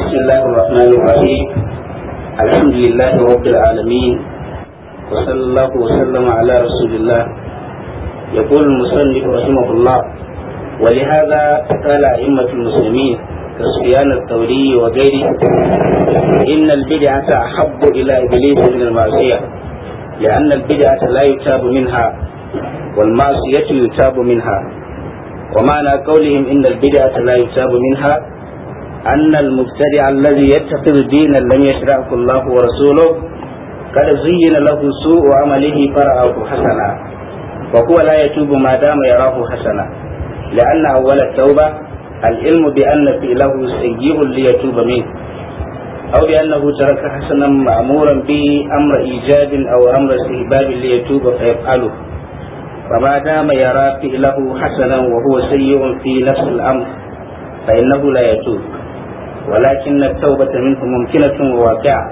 بسم الله الرحمن الرحيم الحمد لله رب العالمين وصلى الله وسلم على رسول الله يقول المصنف رحمه الله ولهذا قال أئمة المسلمين كسفيان الثوري وغيره إن البدعة أحب إلى إبليس من المعصية لأن البدعة لا يتاب منها والمعصية يتاب منها ومعنى قولهم إن البدعة لا يتاب منها أن المبتدع الذي يتخذ دينا لم يشرعه الله ورسوله قد زين له سوء عمله فرآه حسنا وهو لا يتوب ما دام يراه حسنا لأن أول التوبة العلم بأن في له سيء ليتوب منه أو بأنه ترك حسنا مأمورا به أمر إيجاد أو أمر استهباب ليتوب فيفعله فما دام يرى فعله حسنا وهو سيء في نفس الأمر فإنه لا يتوب ولكن التوبة منه ممكنة وواقعة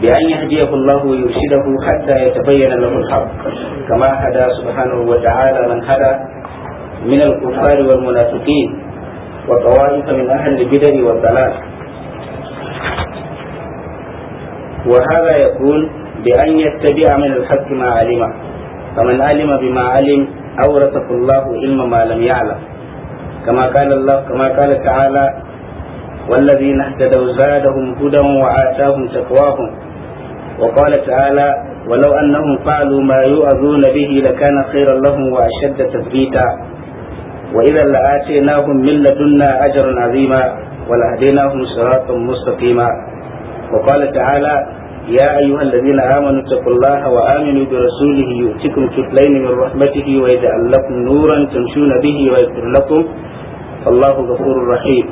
بأن يهديه الله ويرشده حتى يتبين له الحق كما هدى سبحانه وتعالى من هدى من الكفار والمنافقين وطوائف من أهل البدع والضلال وهذا يكون بأن يتبع من الحق ما علم فمن علم بما علم أورثه الله علم ما لم يعلم كما قال الله كما قال تعالى والذين اهتدوا زادهم هدى وآتاهم تقواهم وقال تعالى ولو أنهم فعلوا ما يؤذون به لكان خيرا لهم وأشد تثبيتا وإذا لآتيناهم من لدنا أجرا عظيما ولهديناهم صراطا مستقيما وقال تعالى يا أيها الذين آمنوا اتقوا الله وآمنوا برسوله يؤتكم كفلين من رحمته ويجعل لكم نورا تمشون به ويغفر لكم فالله غفور رحيم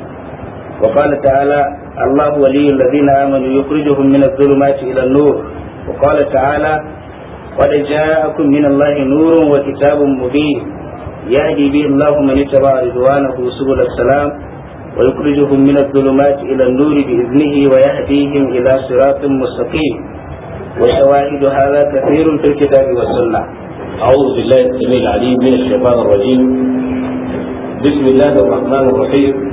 وقال تعالى الله ولي الذين آمنوا يخرجهم من الظلمات إلى النور وقال تعالى قد جاءكم من الله نور وكتاب مبين يهدي به الله من اتبع رضوانه سبل السلام ويخرجهم من الظلمات إلى النور بإذنه ويهديهم إلى صراط مستقيم وشواهد هذا كثير في الكتاب والسنة أعوذ بالله السميع العليم من الشيطان الرجيم بسم الله الرحمن الرحيم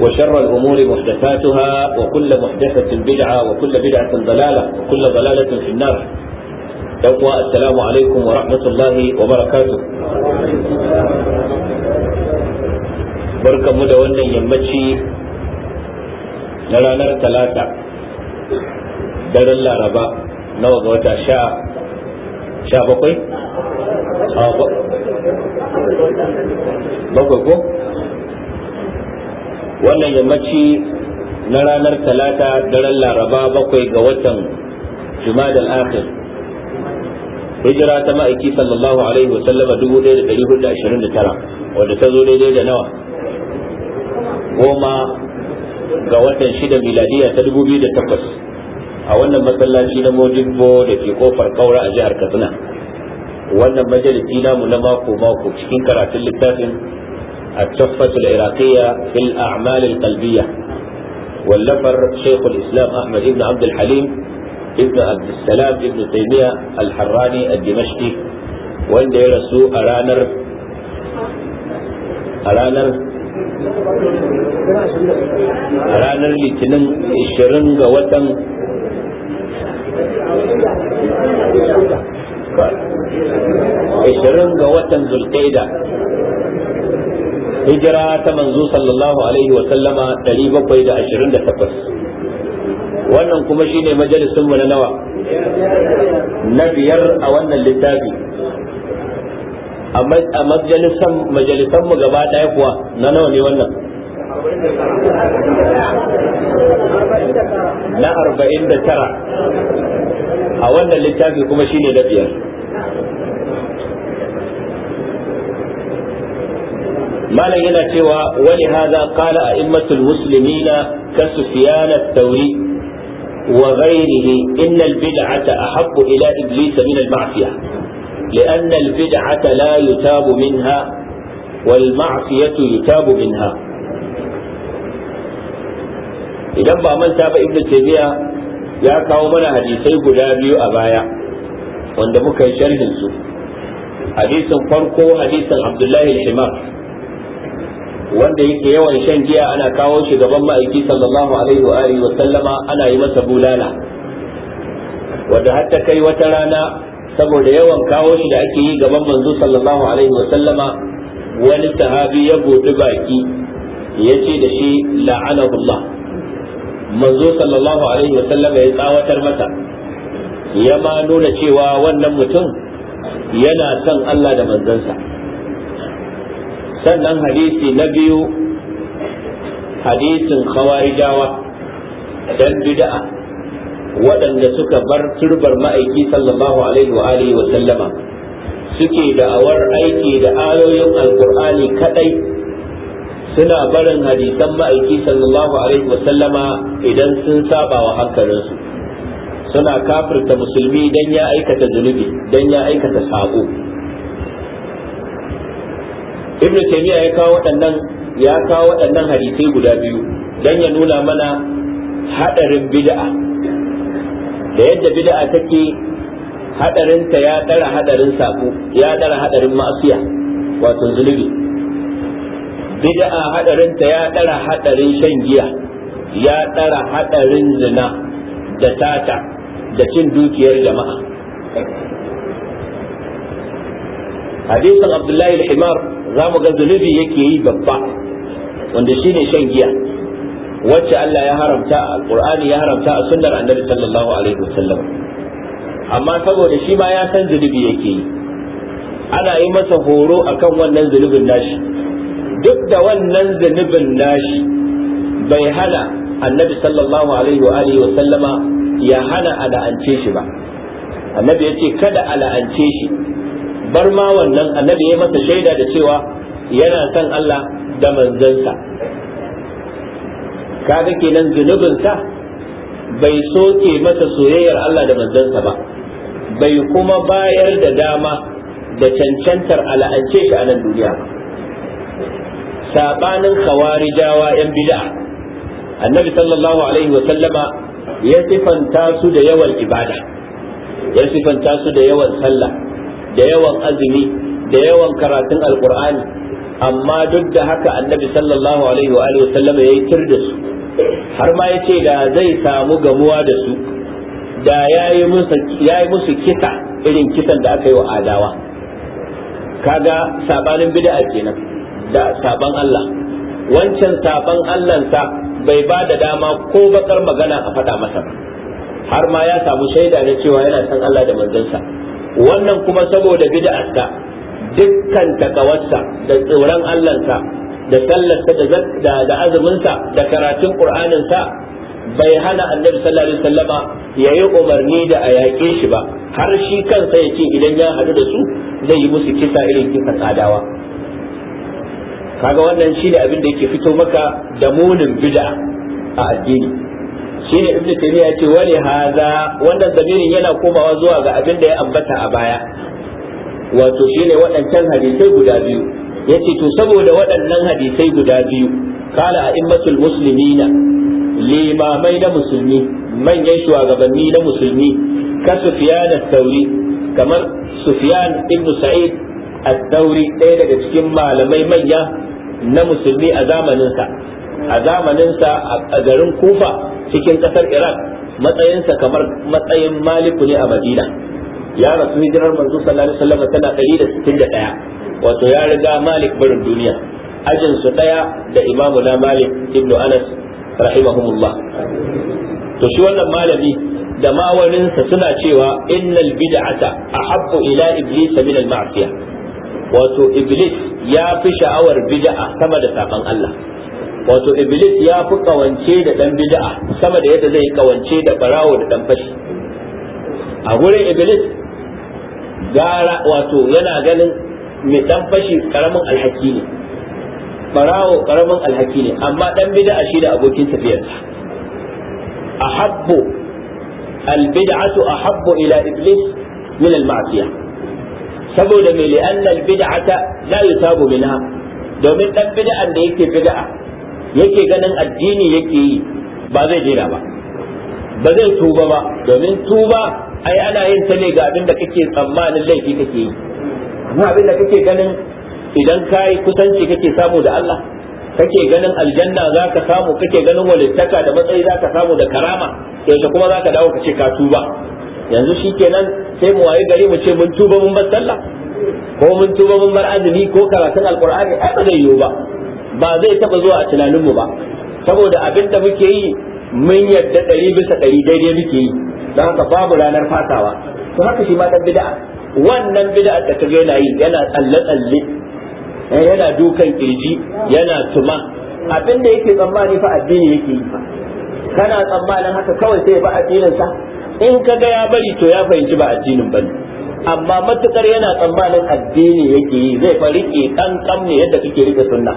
وشر الأمور محدثاتها وكل محدثة بدعة وكل بدعة ضلالة وكل ضلالة في النار يقوى السلام عليكم ورحمة الله وبركاته بركة مدونة يمتشي نرانا ثلاثة دار الله ربا نوض وتا شاء شاء بقي بقي wannan yammaci na ranar talata daren laraba bakwai ga watan jumada al-akhir hijira ta ma'aiki sallallahu alaihi wa sallama 1429 wadda ta zo daidai da nawa goma ga watan shida miladiya ta 2008 a wannan masallaci na modibbo da ke kofar kaura a jihar katsina wannan majalisi namu na mako mako cikin karatun littafin التحفة العراقية في الأعمال القلبية واللفر شيخ الإسلام أحمد بن عبد الحليم ابن عبد السلام ابن تيمية الحراني الدمشقي wanda ya أرانر أرانر ranar a ranar a ranar litinin 20 ga hijira ta manzo sallallahu alaihi wa sallama 728 wannan kuma shine majalisin mu na nawa na biyar a wannan littafi a majalisan gaba daya kuwa na nawa ne wannan na arba'in da tara a wannan littafi kuma shine na biyar malam yana cewa wani hada qala a'immatul muslimina ka sufyan tauri tawri wa ghayrihi inna al-bid'ata ahabbu ila iblis min al-ma'siyah لأن البدعة لا يتاب منها والمعصية يتاب منها idan ba manta ba ibnu taymiya ya kawo mana hadisai guda biyu a baya wanda muka yi sharhin su hadisin farko hadisin abdullahi al wanda yake yawan shan giya ana kawo shi gaban ma'aiki sallallahu alaihi wa alihi wa sallama ana yi masa bulala wanda har ta kai wata rana saboda yawan kawo shi da ake yi gaban manzo sallallahu alaihi wa sallama wani sahabi ya gobi baki ya ce da shi la'anahullah manzo sallallahu alaihi wa sallama ya tsawatar mata ya ma nuna cewa wannan mutum yana son Allah da manzansa sannan hadisi na biyu hadisin khawarijawa dan bid'a waɗanda suka bar turbar ma'aiki sallallahu alaihi wa alihi wa sallama suke da'awar aiki da ayoyin alkur'ani kadai suna barin hadisan ma'aiki sallallahu alaihi wa sallama idan sun saba wa hankalinsu suna kafirta musulmi dan ya aikata zunubi dan ya aikata sabo ibn taymiya ya kawo waɗannan ya kawo waɗannan hadisai guda biyu dan ya nuna mana hadarin bid'a da yadda bid'a take ta ya dara hadarin sako ya dara hadarin ma'asiya wato zunubi bid'a ta ya dara hadarin shan giya ya dara hadarin zina da tata da cin dukiyar jama'a hadisin abdullahi al-himar za mu ga zunubi yake yi babba wanda shine shan giya wacce Allah ya haramta a Qur'ani ya haramta a sunnar Annabi sallallahu alaihi wasallam amma saboda shi ma ya san zunubi yake yi ana yi masa horo akan wannan zunubin nashi duk da wannan zunubin nashi bai hana Annabi sallallahu alaihi wa alihi wasallama sallama ya hana ala'ance shi ba Annabi yace kada ala'ance shi bar ma wannan annabi ya masa shaida da cewa yana son Allah da manzansa kaga kenan zunubinsa bai soke masa soyayyar Allah da manzansa ba bai kuma bayar da dama da cancantar ala'ance shi a nan duniya ba sabanin khawarijawa yan bid'a annabi sallallahu alaihi wa sallama ya sifanta su da yawan ibada ya sifanta su da yawan sallah da yawan azumi da yawan karatun alkur'ani amma duk da haka annabi sallallahu alaihi wa sallama ya yi tir da su har ma ya ce da zai samu gamuwa da su da ya yi musu kisa irin kisan da aka yi wa adawa kaga sabanin bid'a kenan da saban Allah wancan saban Allahnsa bai ba da dama ko bakar magana a faɗa masa har ma ya samu shaida na cewa yana san Allah da manzansa wannan kuma saboda bid'arsa dukkan takawarsa da tsoron Allahnsa da sallarsa da azuminsa da karatun Qur'aninsa bai hana annabi sallallahu alaihi wasallama yayi umarni da a yaƙe shi ba har shi kansa ya ce idan ya haɗu da su zai yi musu kisa irin kisa adawa kaga wannan shi ne abin da yake fito maka da munin bid'a a addini shine ibn taymiya yace wani hadha wannan zamirin yana komawa zuwa ga abin da ya ambata a baya wato shine waɗancan hadisai guda biyu yace to saboda waɗannan hadisai guda biyu kala a a'immatul muslimina limamai na musulmi manyan shugabanni na musulmi ka sufyan al-thawri kamar sufyan ibn sa'id al-thawri ɗaya daga cikin malamai manya na musulmi a zamanin sa. a zamaninsa a garin kufa cikin kasar iraq matsayinsa kamar matsayin maliku ne a madina ya rasu hijirar manzo sallallahu alaihi wasallam tana ɗaya, wato ya riga malik barin duniya ajinsu ɗaya da imamu na malik ibn anas rahimahumullah to shi wannan malami da mawaninsa suna cewa innal bid'ata ahabbu ila iblis min al ma'siyah wato iblis ya fi sha'awar bid'a sama da saban Allah wato iblis ya fi kawance da dan bid'a sama da yadda zai kawance da barawo da dan fashi a gurin iblis gara wato yana ganin mai dan fashi karamin alhaki ne barawo karamin alhaki ne amma dan bid'a shi da abokin tafiyarsa ahabbu albid'atu ahabbu ila iblis min alma'siyah saboda me li'anna albid'ata la yusabu minha domin dan bid'an da yake bid'a yake ganin addini yake yi ba zai jira ba ba zai tuba ba domin tuba ai ana yin ta ne ga abinda da kake tsammanin laifi kake yi amma abin kake ganin idan ka yi kusanci kake samu da Allah kake ganin aljanna za samu kake ganin walittaka da matsayi za ka samu da karama yaushe kuma zaka dawo ka ka tuba yanzu shi kenan sai mu wayi gari mu ce mun tuba mun bar sallah ko mun tuba mun bar azumi ko karatun alqur'ani ai ba zai yiwu ba ba zai taba zuwa a tunaninmu ba saboda abin da muke yi mun yadda ɗari bisa ɗari daidai muke yi don haka babu ranar fasawa to haka shi ma dan bid'a wannan bid'a da kaga yana yi yana tsalle tsalle eh, yana dukan kirji yana tuma abin da yake tsammani fa addini yake yi fa kana tsammanin haka kawai sai fa addinin sa in ga ya bari to ya fahimci ba addinin bane amma matukar yana tsammanin addini yake yi zai fa rike kankan ne yadda kake rike sunna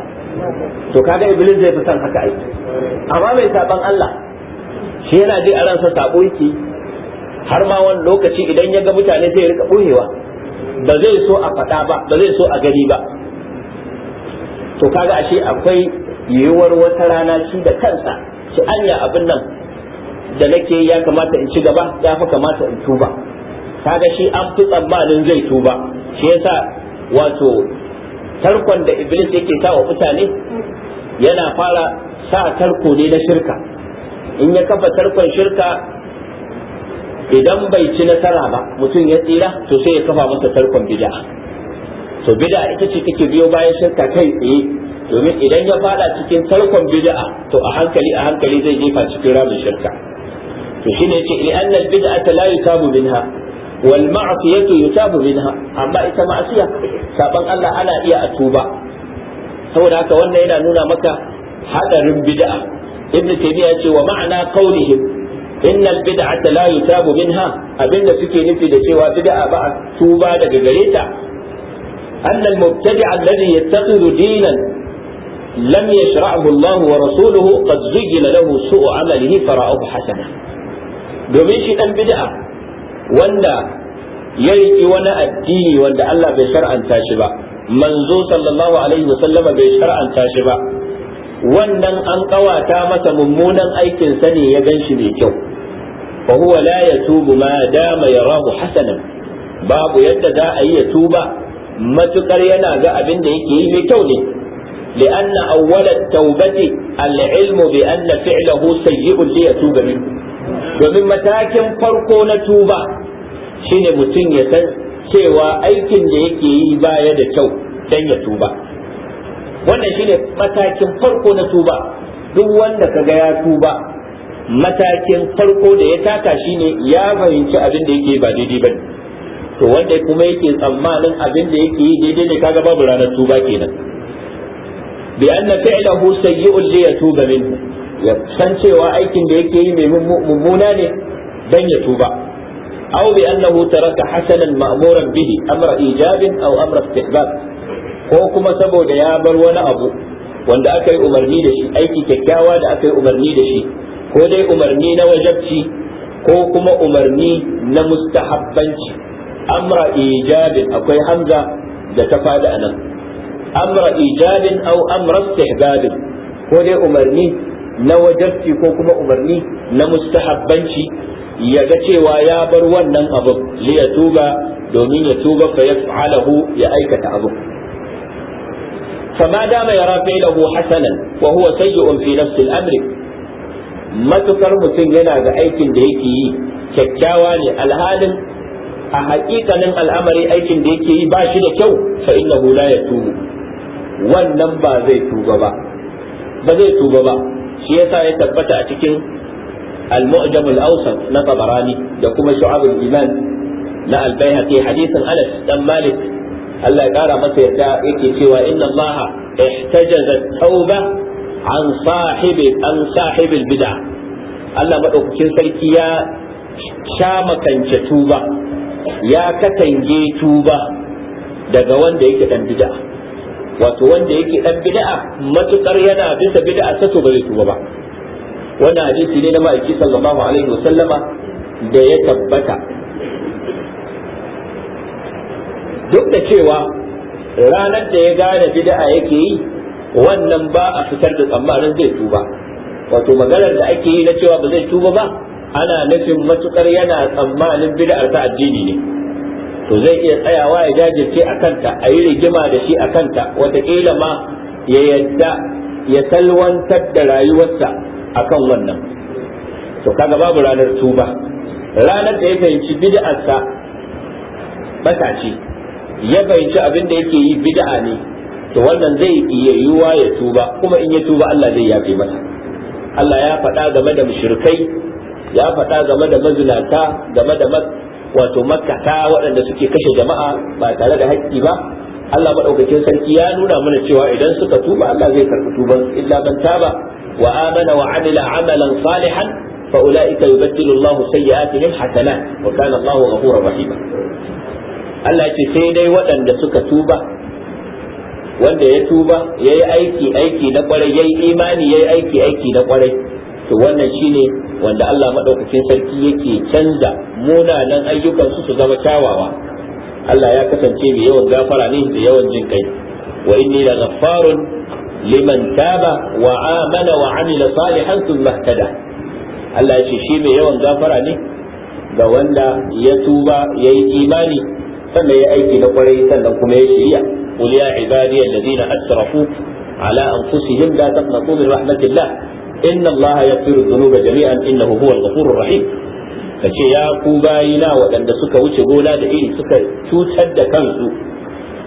to kaga iblis zai fi son haka aiki amma mai saban Allah shi yana ji a ransa sabo yake har ma wani lokaci idan ya ga mutane zai rika buhewa ba zai so a faɗa ba ba zai so a gani ba to kaga ashe akwai yiwuwar wata rana shi da kansa shi anya abin nan da nake ya kamata in ci gaba ya fa kamata in tuba kaga shi an fi tsammanin zai tuba shi yasa wato tarkon da iblis yake sa wa mutane yana fara sa tarko ne na shirka in ya kafa tarkon shirka idan bai ci nasara ba mutum ya tsira to sai ya kafa masa tarkon bid'a to bid'a ita ce take biyo bayan shirka kai tsaye domin idan ya fada cikin tarkon bid'a to a hankali a hankali zai jefa cikin ramin shirka to shine yace li anna bid'ata la yusabu minha wal ma'siyatu yutabu minha amma ita ma'siya saban Allah ana iya a tuba saboda haka wannan yana nuna maka hadarin bid'a ibnu taymiya ce wa ma'ana qawlihim inna al bid'ata la yutabu minha abinda suke nufi da cewa bid'a ba a tuba daga gare ta أن المبتدع الذي يتخذ دينا لم يشرعه الله ورسوله قد زين له سوء عمله فرآه حسنا domin shi ɗan bid'a wanda ya riki wani addini wanda Allah bai shar'anta shi ba manzo sallallahu alaihi wasallama bai shar'anta shi ba wannan an kawata masa mummunan aikin sa ne ya ganshi mai kyau fa huwa la yatubu ma dama yarahu hasanan babu yadda za a yi ya tuba matukar yana ga abin da yake yi mai kyau ne لأن أول التوبة العلم بأن فعله سيء ليتوب منه domin matakin farko na tuba shine mutum ya san cewa aikin da yake yi baya da kyau dan ya tuba wannan shine matakin farko na tuba duk wanda kaga ya tuba matakin farko da ya taka shine ya fahimci abin da yake ba daidai bane to wanda kuma yake tsammanin abin da yake yi daidai ne kaga babu ranar tuba kenan bi anna fi'lahu sayyi'un li yatuba minhu ya san cewa aikin da yake yi mai mummuna ne dan ya tuba aw bi annahu taraka hasanan ma'muran bihi amra ijabin aw amra istihbab ko kuma saboda ya bar wani abu wanda aka yi umarni da shi aiki kyakkyawa da aka yi umarni da shi ko dai umarni na wajabci ko kuma umarni na mustahabbanci amra ijabin akwai hamza da ta fada anan amra ijabin au amra istihbab ko dai umarni na wajabci ko kuma umarni na mustahabbanci ya ga cewa ya bar wannan abin li ya tuba domin ya tuba fa yaf'alahu ya aikata abin فما دام يرى فعله حسنا وهو سيء في نفس الامر matukar mutum yana ga aikin da yake yi kyakkyawa ne alhalin a haƙiƙanin al'amari aikin da yake yi ba shi da kyau fa innahu la yatubu wannan ba zai tuba ba ba zai tuba ba shi yasa ya tabbata a cikin al-mu'jam al na tabarani da kuma shu'ab al-iman na al-baihaqi hadisin Anas ɗan Malik Allah ya kara masa yarda yake cewa inna Allah ihtajaza tauba an sahibi an sahibil bid'a Allah madaukakin sarki ya sha makance tuba ya katange tuba daga wanda yake dan bid'a wato wanda yake dan bid'a matukar yana bisa bid'a ta to bai tuba ba wannan hadisi ne na ma'aiki sallallahu alaihi wasallama da ya tabbata duk da cewa ranar da ya gane bid'a yake yi wannan ba a fitar da tsammanin zai tuba wato maganar da ake yi na cewa ba zai tuba ba ana nufin matukar yana tsammanin bid'ar ta addini ne to zai iya tsayawa ya jajirce a kanta a yi rigima da shi a kanta wataƙila ma ya yadda ya salwantar da rayuwarsa a kan wannan to kaga babu ranar tuba ranar da ya fahimci bid'arsa bata ce ya fahimci abin da yake yi bid'a ne to wannan zai iya yiwuwa ya tuba kuma in ya tuba Allah zai yafe masa Allah ya faɗa game da mushrikai ya faɗa game da mazinata game da wato ta waɗanda suke kashe jama'a ba tare da haƙƙi ba Allah madaukakin sarki ya nuna mana cewa idan suka tuba Allah zai karɓi tuban illa man taba wa amana wa amila amalan salihan fa ulaika yubaddilu Allahu sayyi'atihim hasanat wa kana Allahu ghafurur rahim Allah ce sai dai waɗanda suka tuba wanda ya tuba yayi aiki aiki na kwarai yayi imani yayi aiki aiki na kwarai to wannan shine wanda Allah madaukakin sarki yake canza munanan ayyukan su su zama kyawawa Allah ya kasance mai yawan gafara ne da yawan jin kai wa inni la ghaffarun liman taba wa amana wa amila salihan thumma ihtada Allah ya shi mai yawan gafara ne ga wanda ya tuba yayi imani sannan ya aiki na kwarai sannan kuma ya shiriya qul ya ibadiy alladhina asrafu ala anfusihim la taqnatu min rahmatillah inna allaha yaghfiru dhunuba jami'an innahu huwal ghafurur rahim kace ya ku bayina waɗanda suka wuce gona da iri suka cutar da kansu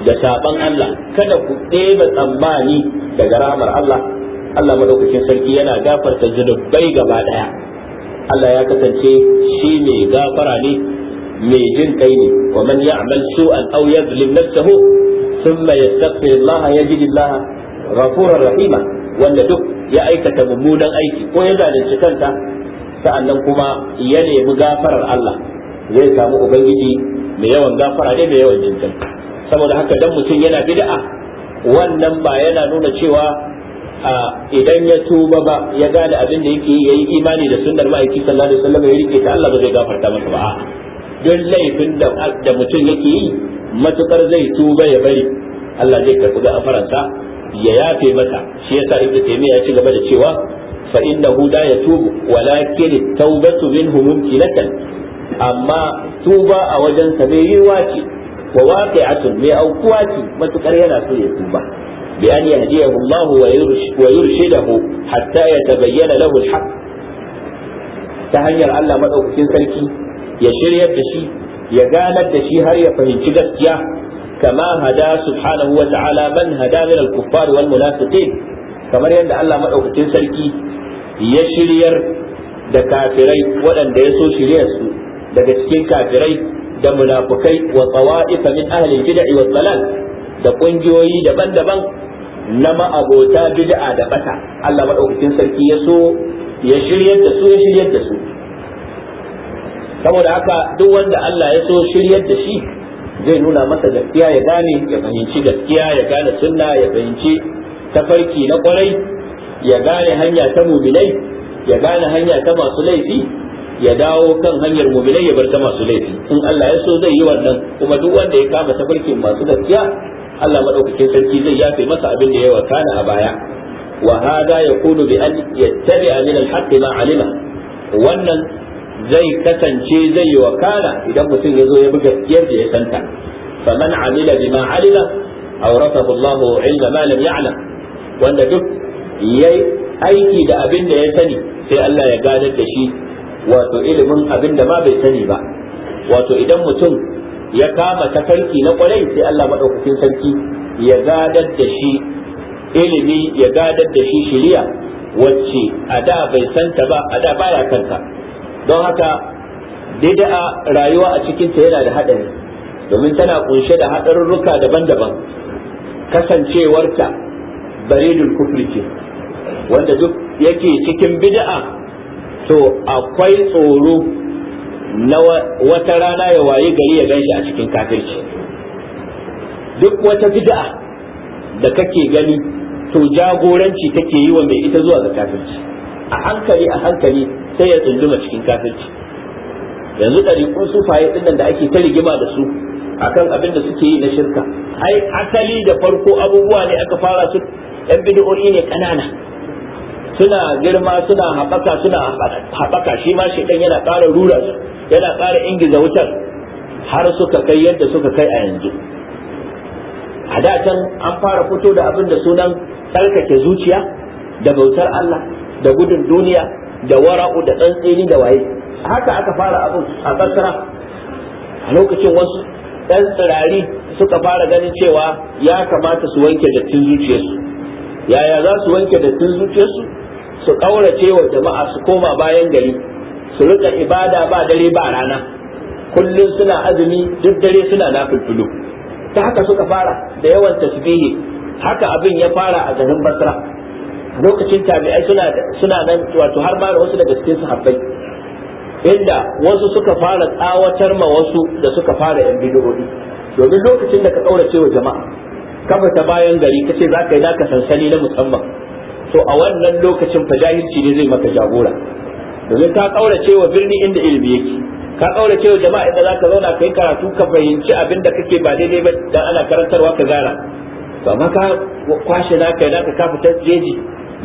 da saɓan Allah kada ku ɗeba tsammani daga ramar Allah Allah madaukakin sarki yana gafarta zunubai gaba ɗaya. Allah ya kasance shi mai gafara ne mai jin kai ne wa man ya'mal su'an aw yadhlim nafsahu thumma yastaghfir Allah yajid Allah ghafurur rahima wanda duk ya aikata mummunan aiki ko ya zalunci sa'an sa'annan kuma ya nemi gafarar Allah zai samu ubangiji mai yawan gafara ne mai yawan jinkai saboda haka dan mutum yana bid'a wannan ba yana nuna cewa idan ya tuba ba ya gane abin da yake yayi imani da sunnar ma'aiki sallallahu alaihi wasallam ya rike ta Allah ba zai gafarta masa ba Don duk laifin da mutum yake yi matukar zai tuba ya bari Allah zai karɓi gafaransa ya yafe mata shi yasa ibnu taymiya ya ci gaba da cewa fa innahu la yatubu walakin tawbatu minhu mumkinatan amma tuba a wajen sa mai yiwa ce wa waqi'atun mai aukuwa ce matukar yana so ya tuba bi an yahdiyahu Allah wa yurshidahu hatta yatabayyana lahu al-haq ta hanyar Allah madaukakin sarki ya shiryar da shi ya ganar da shi har ya fahimci gaskiya kama hada subhanahu wa ta'ala man hada min al-kuffar wal kamar yadda Allah madaukakin sarki ya shiryar da kafirai waɗanda ya so shiryar su daga cikin kafirai da munafukai wa tsawa'ifa min ahli bid'i da ƙungiyoyi daban-daban na ma'abota bid'a da bata Allah madaukakin sarki ya so ya shiryar su ya shiryar su saboda haka duk wanda Allah ya so shiryar da shi zai nuna masa gaskiya ya gane ya fahimci gaskiya ya gane sunna ya fahimci tafarki na kwarai ya gane hanya ta muminai ya gane hanya ta masu laifi ya dawo kan hanyar muminai ya bar ta masu laifi in Allah ya so zai yi wannan kuma duk wanda ya kama tafarkin masu gaskiya Allah madaukakin sarki zai yafe masa abin da ya kana a baya wa hada yakunu bi an yattabi'a min al-haqqi ma alima wannan zai kasance zai yi wakala idan mutum ya zo ya bi gaskiyar da ya santa faman amila bima alima awrathahu Allahu ilma ma lam ya'lam wanda duk yayi aiki da abin da ya sani sai Allah ya gadar da shi wato ilimin abin da ma bai sani ba wato idan mutum ya kama tafarki na kwarai sai Allah madaukakin sarki ya gadar da shi ilimi ya gadar da shi shiriya wacce a da bai santa ba a da baya kanta don haka bid'a rayuwa a cikinta yana da haɗari domin tana kunshe da haɗarurruka daban-daban kasancewarta baridul kufri ce wanda duk yake cikin bid'a to akwai tsoro na wata rana ya waye gari ya ganshi a cikin kafirci duk wata bid'a da kake gani to jagoranci take yi wa mai ita zuwa ga kafirci a hankali a hankali sai ya tsunduma cikin kafirci yanzu ɗariƙun sufaye ɗin nan da ake ta rigima da su akan abin da suke yi na shirka ai asali da farko abubuwa ne aka fara su yan bid'o'i ne kanana suna girma suna haɓaka suna haɓaka shi ma shi yana ƙara rura su yana ƙara ingiza wutar har suka kai yadda suka kai a yanzu a da can an fara fito da abin da sunan tsarkake zuciya da bautar Allah da gudun duniya da wara'u da tsantsini da waye haka aka fara abin a karkara a lokacin wasu ɗan tsirari suka fara ganin cewa ya kamata su wanke dattin zuciyarsu yaya za su wanke dattin zuciyarsu su ƙaurace wa jama'a su koma bayan gari su rika ibada ba dare ba rana kullum suna azumi duk dare suna na fulfulu ta haka suka fara da yawan tasbihi haka abin ya fara a garin basra lokacin tabi'ai suna suna nan wato har ba da wasu daga cikin sahabbai inda wasu suka fara tsawatar ma wasu da suka fara yan bid'o'i domin lokacin da ka kaurace wa jama'a kafa ta bayan gari kace za ka yi naka sansani na musamman to a wannan lokacin fa jahilci ne zai maka jagora domin ka kaurace wa birni inda ilimi yake ka kaurace wa jama'a inda za ka zauna ka yi karatu ka fahimci abin da kake ba daidai ba dan ana karantarwa ka gara ba maka ka kwashe naka yana ka kafa ta jeji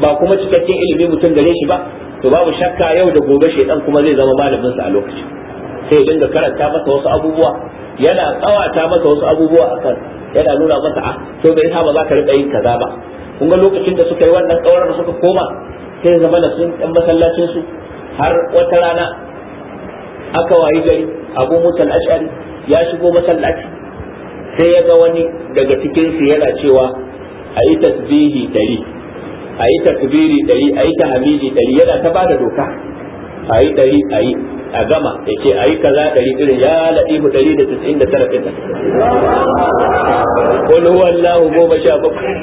ba kuma cikakken ilimi mutum gare shi ba to babu shakka yau da gobe shi dan kuma zai zama malamin sa a lokaci. sai dinga karanta masa wasu abubuwa yana tsawata masa wasu abubuwa akan yana nuna masa a ah, to bai sa ba za ka riƙa yin kaza ba kun ga lokacin da suka yi wannan tsawar suka koma sai zama da sun ɗan masallacin su har wata rana aka wayi gari abu mutal ashari ya shigo masallaci sai ya ga wani daga cikin su yana cewa a yi tasbihi dari a yi takbiri dari a yi tahmidi dari yana ta bada doka a yi dari a yi a gama ya ce a yi kaza dari irin ya mu dari da tis'in da tara fita wani wallahu goma sha bakwai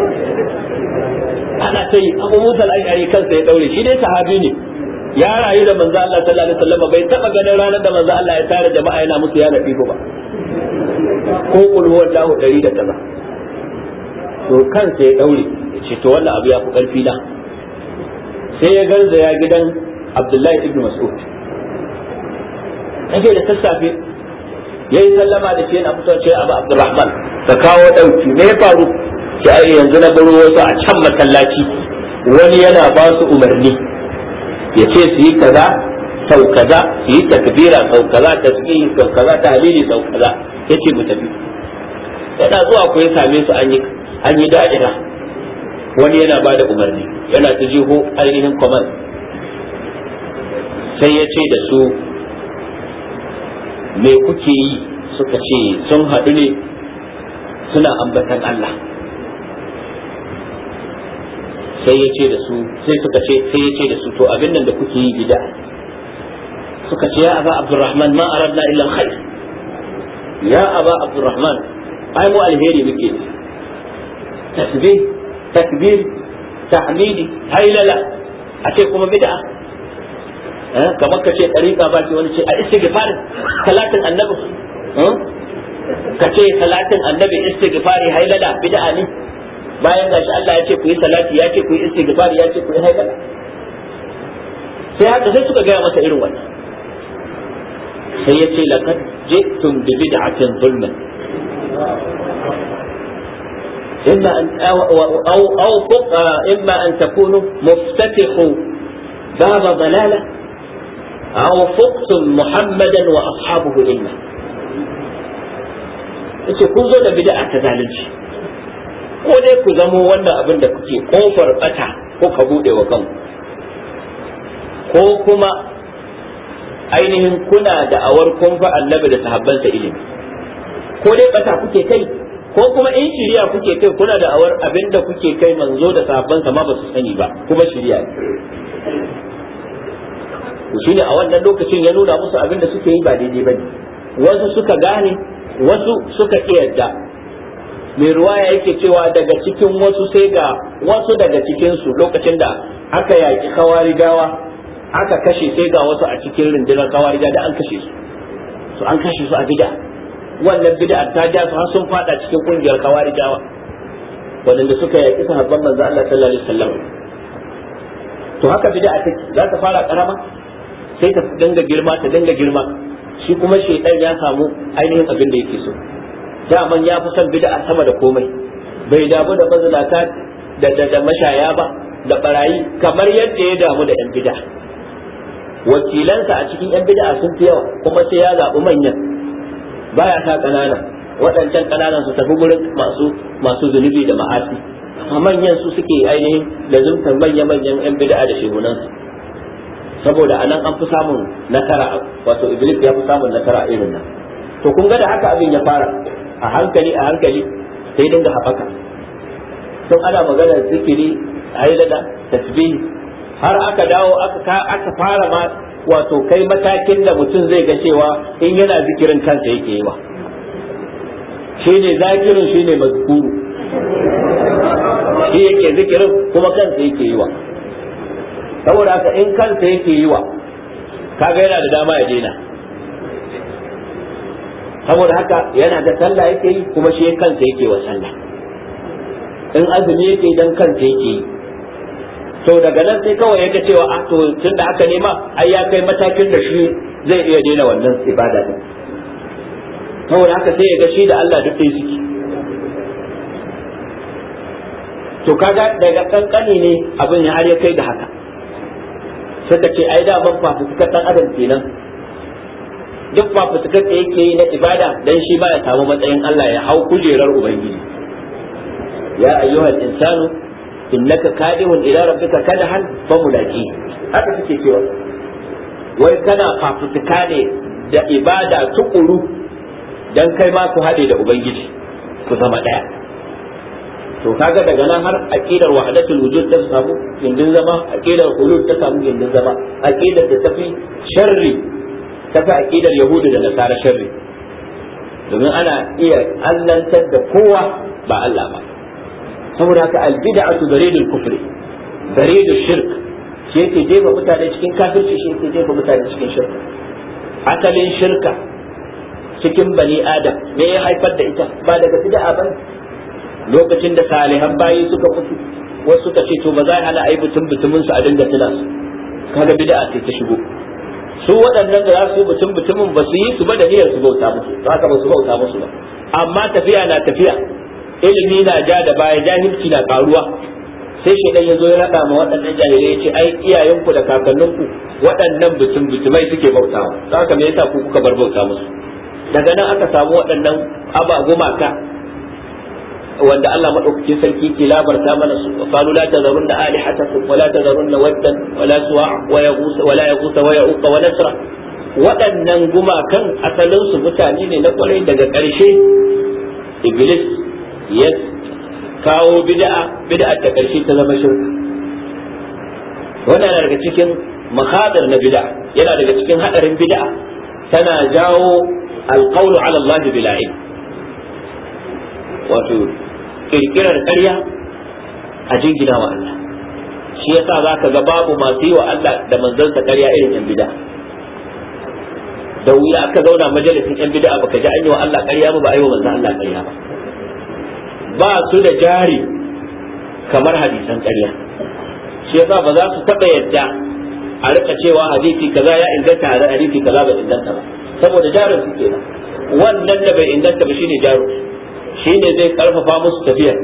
ana ta yi abu musa al'ashari kansa ya daure shi dai sahabi ne ya rayu da manzo Allah sallallahu alaihi wasallam bai taba ganin ranar da manzo Allah ya tare jama'a yana musu ya fiko ba ko kul Allahu dari da kaza to sai ya daure ya ce to wannan abu ya fi karfi da sai ya ya gidan Abdullahi ibn Mas'ud yake da sassafe yayi sallama da shi yana fitowa ce Abu Abdurrahman ka kawo dauki me ya faru sai yanzu na baro wasu a can masallaci wani yana ba su umarni ya ce su yi kaza sau kaza su yi takbira sau kaza tasbihi sau kaza ta halili sau kaza Ya ce mu tafi yana zuwa ku ya same su an yi da'ira wani yana ba da umarni yana ta jiho ainihin kwamar. sai ya ce da su me kuke yi suka ce sun haɗu ne suna ambatan Allah sai ya ce da su sai suka ce sai ya ce da su to abin nan da kuke yi bid'a suka ce ya aba abdurrahman ma aradna illa alkhair ya aba abdurrahman ai mu alheri muke tasbih takbir tahmidi hailala a ce kuma bid'a eh, kamar ka ce ɗariƙa ba ce wani ce a istighfarin talatin annabi eh, ka ce talatin annabi istighfari hailala bid'a ne bayan gashi Allah ya ce ku yi salati ya ce ku yi istighfar ya ce ku yi haidala sai haka sai suka gaya masa irin wannan sai ya ce laqad ji'tum bi bid'atin zulman إما أن أو أو أو إما أن تكونوا مفتتح باب ضلالة أو فقتم محمدا وأصحابه إلا. أنتم كنتم بدعة ذلك ko dai ku zamo wannan abin da kuke kofar bata ko ka bude wa kanku ko kuma ainihin kuna da awar kunfa annabi da sahabbansa ilimi ko dai bata kuke kai ko kuma in shiriya kuke kai kuna da awar abin da kuke kai manzo da sahabbansa ma ba su sani ba kuma shiriya ku shine a wannan lokacin ya nuna musu abin da suke yi ba daidai ba ne wasu suka gane wasu suka ƙiyarda mai ruwaya yake cewa daga cikin wasu sai ga wasu daga cikinsu lokacin da aka yaki gawa aka kashe sai ga wasu a cikin rundunar gawa da an kashe su su an kashe su a bida wannan bid'a ta ja su har sun fada cikin kungiyar gawa wadanda suka yaki sahabban manzo Allah sallallahu alaihi wasallam to haka bid'a take za ta fara karama sai ta dinga girma ta dinga girma shi kuma shaidan ya samu ainihin abin da yake so daman ya fi son bid'a sama da komai bai damu da mazalata da da mashaya ba da barayi kamar yadda ya damu da yan bid'a wakilansa a cikin yan bid'a sun fi yawa kuma sai ya zaɓi manyan baya sa ƙanana waɗancan ƙananan su tafi gurin masu masu zunubi da ma'asi manyan su suke ainihin lazumtar manya-manyan yan bid'a da shehunansu saboda anan an fi samun nasara wato iblis ya fi samun nasara irin nan to kun ga da haka abin ya fara a hankali a hankali sai dinga haɓaka tun ana magana zikiri ailada tasbihi har aka dawo aka fara ma wato kai matakin da mutum zai ga cewa in yana zikirin kansa yake yi wa shi ne zakirin shi ne mazkuru shi yake zikirin kuma kansa yake yi wa saboda haka in kansa yake yi wa kaga yana da dama ya daina saboda haka yana da sallah yake yi kuma shi kansa yake wa sallah in azumi yake dan kansa yake yi to daga nan sai kawai yake cewa a ah, to tun da aka nema ai ya kai matakin da shi zai iya daina wannan ibada din saboda haka sai ya ga shi da Allah duk ɗaya suke to kaga daga kankani ne abin ya har ya kai da haka ka ce ai da ban suka dan adam kenan duk ba fitakar da yake yi na ibada dan shi ba ya samu matsayin Allah ya hau kujerar ubangiji ya ayyuhal insanu innaka kadihun ila rabbika kadhan fa mulaqi haka suke cewa wai kana fafutuka ne da ibada tukuru dan kai ma ku hade da ubangiji ku zama daya to kaga daga nan har aqidar wahdatul wujud ta samu gindin zama aqidar hulul ta samu gindin zama aqidar da tafi sharri ta fi aƙidar yahudu da nasara sharri domin ana iya allantar da kowa ba Allah ba saboda haka su daridul kufri daridul shirk shi yake jefa mutane cikin kafirci shi yake jefa mutane cikin shirka asalin shirka cikin bani adam me ya haifar da ita ba daga bid'a ba lokacin da salihan bayi suka mutu wasu suka ce to ba za a hana ai butun butumin su a dinga tuna su kaga bid'a ce ta shigo su waɗannan da za su yi mutum mutumin ba su yi su ba da niyyar su bauta musu ba haka ba su bauta musu ba amma tafiya na tafiya ilimi na ja da baya jahilci na karuwa sai shi ya zo ya raɗa ma waɗannan jahilai ya ce ai iyayenku da kakanninku waɗannan bitin bitimai suke bautawa ta haka me yasa ku kuka bar bauta musu daga nan aka samu waɗannan aba gumaka wanda Allah madaukakin sarki ke labarta mana su qalu la tazarun da alihatakum wa la tazarun waddan wa wala suwa wa yaghus wa la yaghus wa yauq wa nasra waɗannan gumakan asalin su mutane ne na kwarai daga ƙarshe iblis ya kawo bid'a bid'a ta ƙarshe ta zama shirka wannan daga cikin makadar na bid'a yana daga cikin hadarin bid'a tana jawo alqawlu ala Allah bila wato kirkirar ƙarya a jingina wa Allah shi yasa ka ga babu masu yi wa Allah da manzansa ƙarya irin yan bid'a da wuya aka zauna majalisin yan bid'a baka ji an yi wa Allah ƙarya ba ba a yi wa manzon Allah ƙarya ba ba su da jari kamar hadisan ƙarya shi yasa ba za su taɓa yadda a rika cewa hadisi kaza ya inganta hadisi kaza ba inganta ba saboda jarin su kenan wannan da bai inganta ba shine jarin Shi ne zai karfafa musu tafiyar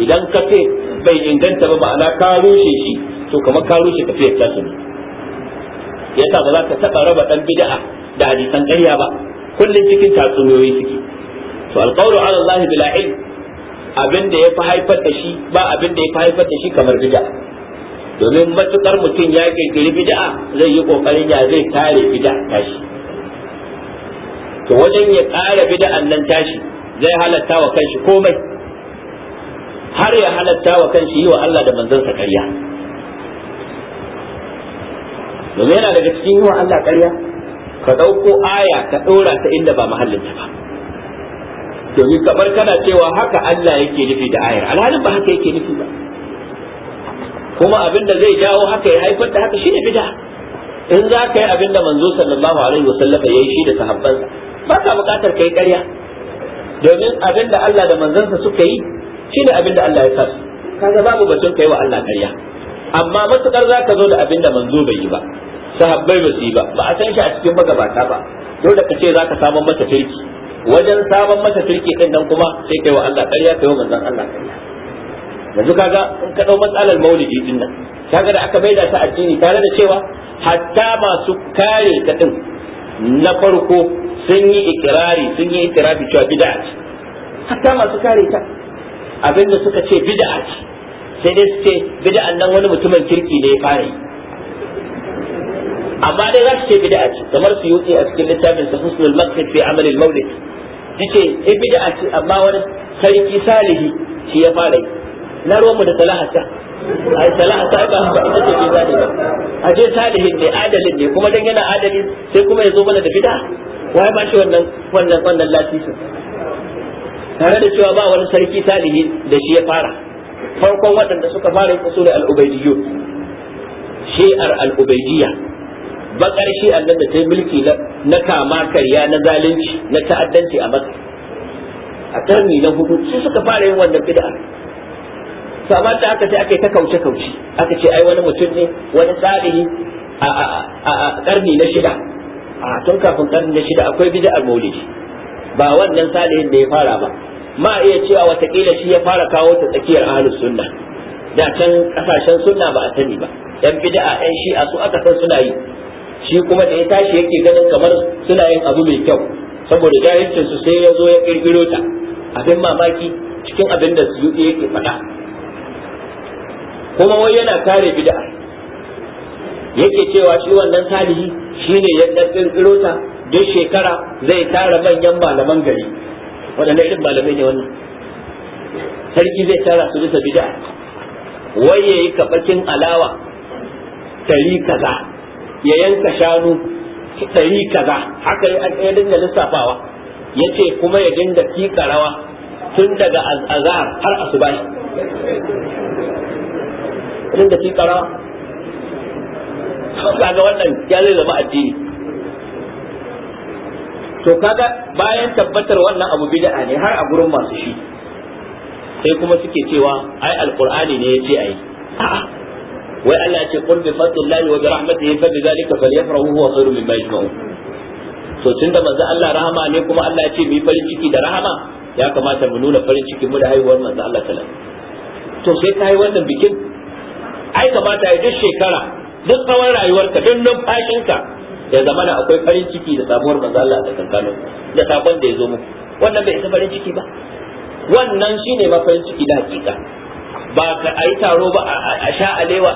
idan ka ce bai inganta ba ma'ana ka rushe shi to kamar ka rushe tafiyar ta su yasa ba za ka taba raba ɗan bid'a da hadisan ƙarya ba kullum cikin tatsuniyoyi suke to alqawlu ala Allah bila ilm abin da ya fi haifar da shi ba abin da ya fi haifar da shi kamar bid'a domin matukar mutum ya kirkiri bid'a zai yi ƙoƙarin ya zai kare bid'a tashi to wajen ya kare bid'an nan tashi zai halatta wa kanshi komai har ya halatta wa kanshi yi wa Allah da manzansa ƙarya domin yana daga cikin yi wa Allah ƙarya ka ɗauko aya ka ɗora ta inda ba mahallinta ba domin kamar kana cewa haka Allah yake nufi da ayar alhalin ba haka yake nufi ba kuma abin da zai jawo haka ya haifar da haka shine bid'a in za ka yi abin da manzo sallallahu alaihi wasallam ya yi shi da sahabbansa ba ka bukatar kai ƙarya domin abin da Allah da manzansa suka yi shi abin da Allah ya sasu kaga babu batun kai wa Allah karya. amma matukar ka zo da abin da manzo bai yi ba sahabbai ba su yi ba ba a san shi a cikin magabata ba dole ka ce ka samun mata turki wajen samun mata turki din nan kuma sai kai wa Allah karya, kai wa manzon Allah karya. yanzu kaga in ka dau matsalar maulidi din nan kaga da aka maida ta addini tare da cewa hatta masu kare ta din na farko sun yi ikirari sun yi ikirari cewa bid'a ce hatta masu kare ta abinda suka ce bid'a ce sai dai su ce bid'an nan wani mutumin kirki ne ya fara yi amma dai za su ce bid'a ce kamar su yi a cikin littafin sa husnul maqsid fi amali al maulid yace e bid'a ce amma wani sarki salihi shi ya fara yi na mu da salahata ai salahata ba ba ita ce bid'a ne ba a je salihin ne adalin ne kuma dan yana adali sai kuma ya zo mana da bid'a wai ba shi wannan wannan wannan lasisin tare da cewa ba wani sarki salihi da shi ya fara farkon waɗanda suka fara yin usul al-ubaydiyyu shi'ar al-ubaydiyya ba shi'ar nan da ta yi mulki na kama karya na zalunci na ta'addanci a makka a karni na hudu su suka fara yin wannan bid'a sama ta aka ce aka yi ta kauce kauce aka ce ai wani mutum ne wani salihi a karni na shida a tun kafin karni na shida akwai al maulidi ba wannan salihin da ya fara ba ma iya cewa watakila shi ya fara kawo ta tsakiyar ahlus sunna da can kasashen sunna ba a sani ba yan bid'a yan a su aka san suna yi shi kuma da ya tashi yake ganin kamar suna yin abu mai kyau saboda jahilcin su sai ya zo ya kirkiro ta abin mamaki cikin abin da su yake faɗa kuma wai yana kare bid'a yake cewa shi wannan salihi shine ya dan kirkiro ta duk shekara zai tara manyan malaman gari waɗanda irin malamai ne wannan sarki zai tara su bisa bid'a wai yayi kafakin alawa tari kaza ya yanka shanu tari kaza haka ya dinga lissafawa ya ce kuma ya dinga kika rawa tun daga azhar har asubahi dinga kika rawa kaga wannan ya zai zama addini to kaga bayan tabbatar wannan abu bid'a ne har a gurin masu shi sai kuma suke cewa ai alqur'ani ne yace ai a'a wai Allah ya ce qul bi fadlillahi wa bi rahmatihi fa bi dhalika falyafrahu huwa khairun mimma yajma'un to tunda manzo Allah rahama ne kuma Allah ya ce mu farin ciki da rahama ya kamata mu nuna farin ciki mu da haihuwar manzo Allah sallallahu alaihi wasallam to sai kai wannan bikin ai kamata ya duk shekara duk tsawon rayuwarka duk numfashinka ya zama da akwai farin ciki da samuwar manzo Allah da kankanin da sakon da ya zo muku wannan bai isa farin ciki ba wannan shine mafarin ciki da hakika ba ka ayi taro ba a sha alewa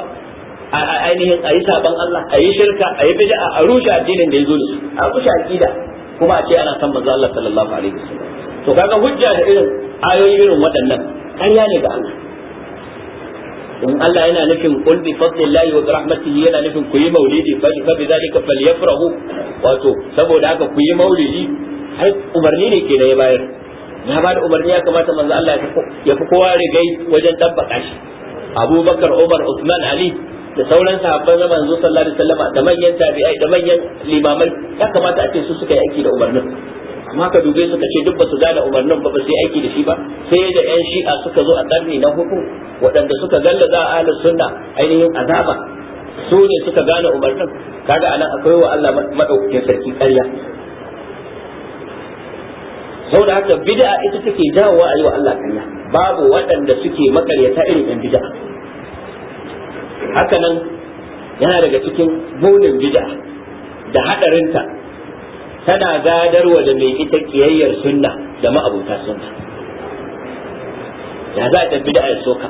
a ainihin a yi saban Allah a yi shirka a yi bid'a a rushe addinin da ya zo da su a rushe aqida kuma a ce ana san manzo Allah sallallahu alaihi wasallam to kaga hujja da irin ayoyi irin waɗannan ƙarya ne ga Allah in Allah yana nufin kul bi fadlillahi wa rahmatihi yana nufin ku yi maulidi fa bi zalika falyafrahu wato saboda haka ku yi maulidi ai umarni ne ke ya bayar ya ba da umarni ya kamata manzo Allah ya fi kowa rigai wajen dabbaka shi Abubakar Umar Uthman Ali da sauran sahabban na manzo sallallahu alaihi wasallam da manyan tabi'ai da manyan limamai ya kamata a ce su suka yi aiki da umarnin amma ka dube suka ce duk basu gane umarnin ba ba sai aiki da shi ba sai da yan shi'a suka zo a karni na hudu waɗanda suka galla a ahlus sunna ainihin azaba su ne suka gane umarnin kaga anan akwai wa Allah madaukakin sarki ƙarya da haka bid'a ita take jawowa yi wa Allah ƙarya babu waɗanda suke makaryata irin yan bid'a haka nan yana daga cikin munin bid'a da hadarinta tana gadarwa da mai ita kiyayyar sunna da ma'abuta sunna ya za a dan bid'a ya soka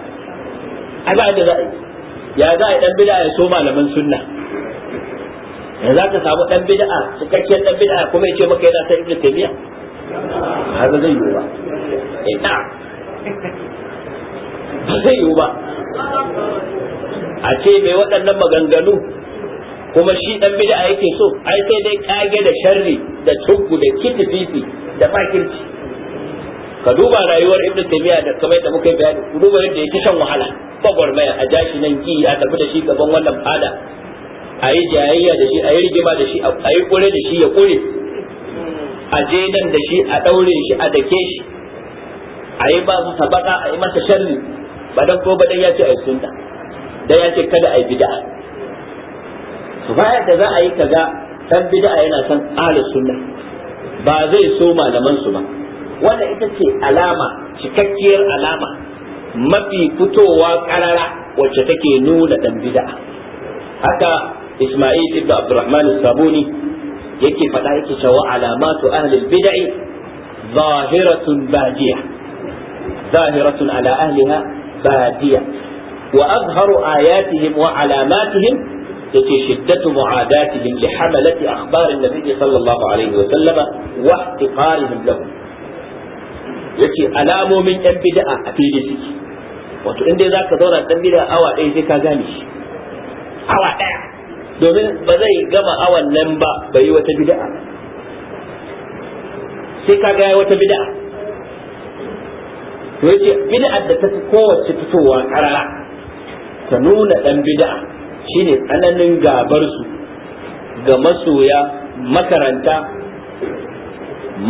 a ba da za a ya za a dan bid'a ya so malaman sunna ya za ka samu dan bid'a cikakken dan bid'a kuma ya ce maka yana san ibnu taymiya ga zai yiwu ba ina eh, ba zai yiwu ba a ce mai waɗannan maganganu kuma shi dan bid'a yake so ai sai dai kage da sharri da tuggu da kitififi da fakirci ka duba rayuwar ibnu taymiya da kamar da muka bayani ku duba yadda yake shan wahala gwagwarmaya a jashi nan ki a tafi da shi gaban wannan fada a yi jayayya da shi a yi rigima da shi a yi kure da shi ya kore a je nan da shi a daure shi a dake shi a yi ba su sabaka a yi masa sharri ba dan ko ba dan ya ce a yi sunna dan ya ce kada a yi bid'a Bayan da za a yi kaga dan bid'a yana son ahlus sunna ba zai so malaman su ba wannan ita ce alama cikakkiyar alama mafi fitowa karara wacce take nuna dan bid'a haka Isma'il ibn Abdurrahman sabuni yake faɗa yake cewa alamatu ahlul bid'i zahiratun badiya zahiratun ala ahliha badiya wa azharu ayatihim wa alamatihim yace shiddatu mu'adatihim li hamalati akhbar an-nabi sallallahu alaihi wa sallama wa ihtiqarihim lahu yace alamomin yan bid'a a fili suke wato inda zaka zauna dan bid'a awa ɗaya sai ka gane shi awa ɗaya domin ba zai gama awan nan ba bai yi wata bid'a sai ka ga wata bid'a to yace bid'a da ta kowace fitowa karara ta nuna dan bid'a shine tsananin su ga masoya makaranta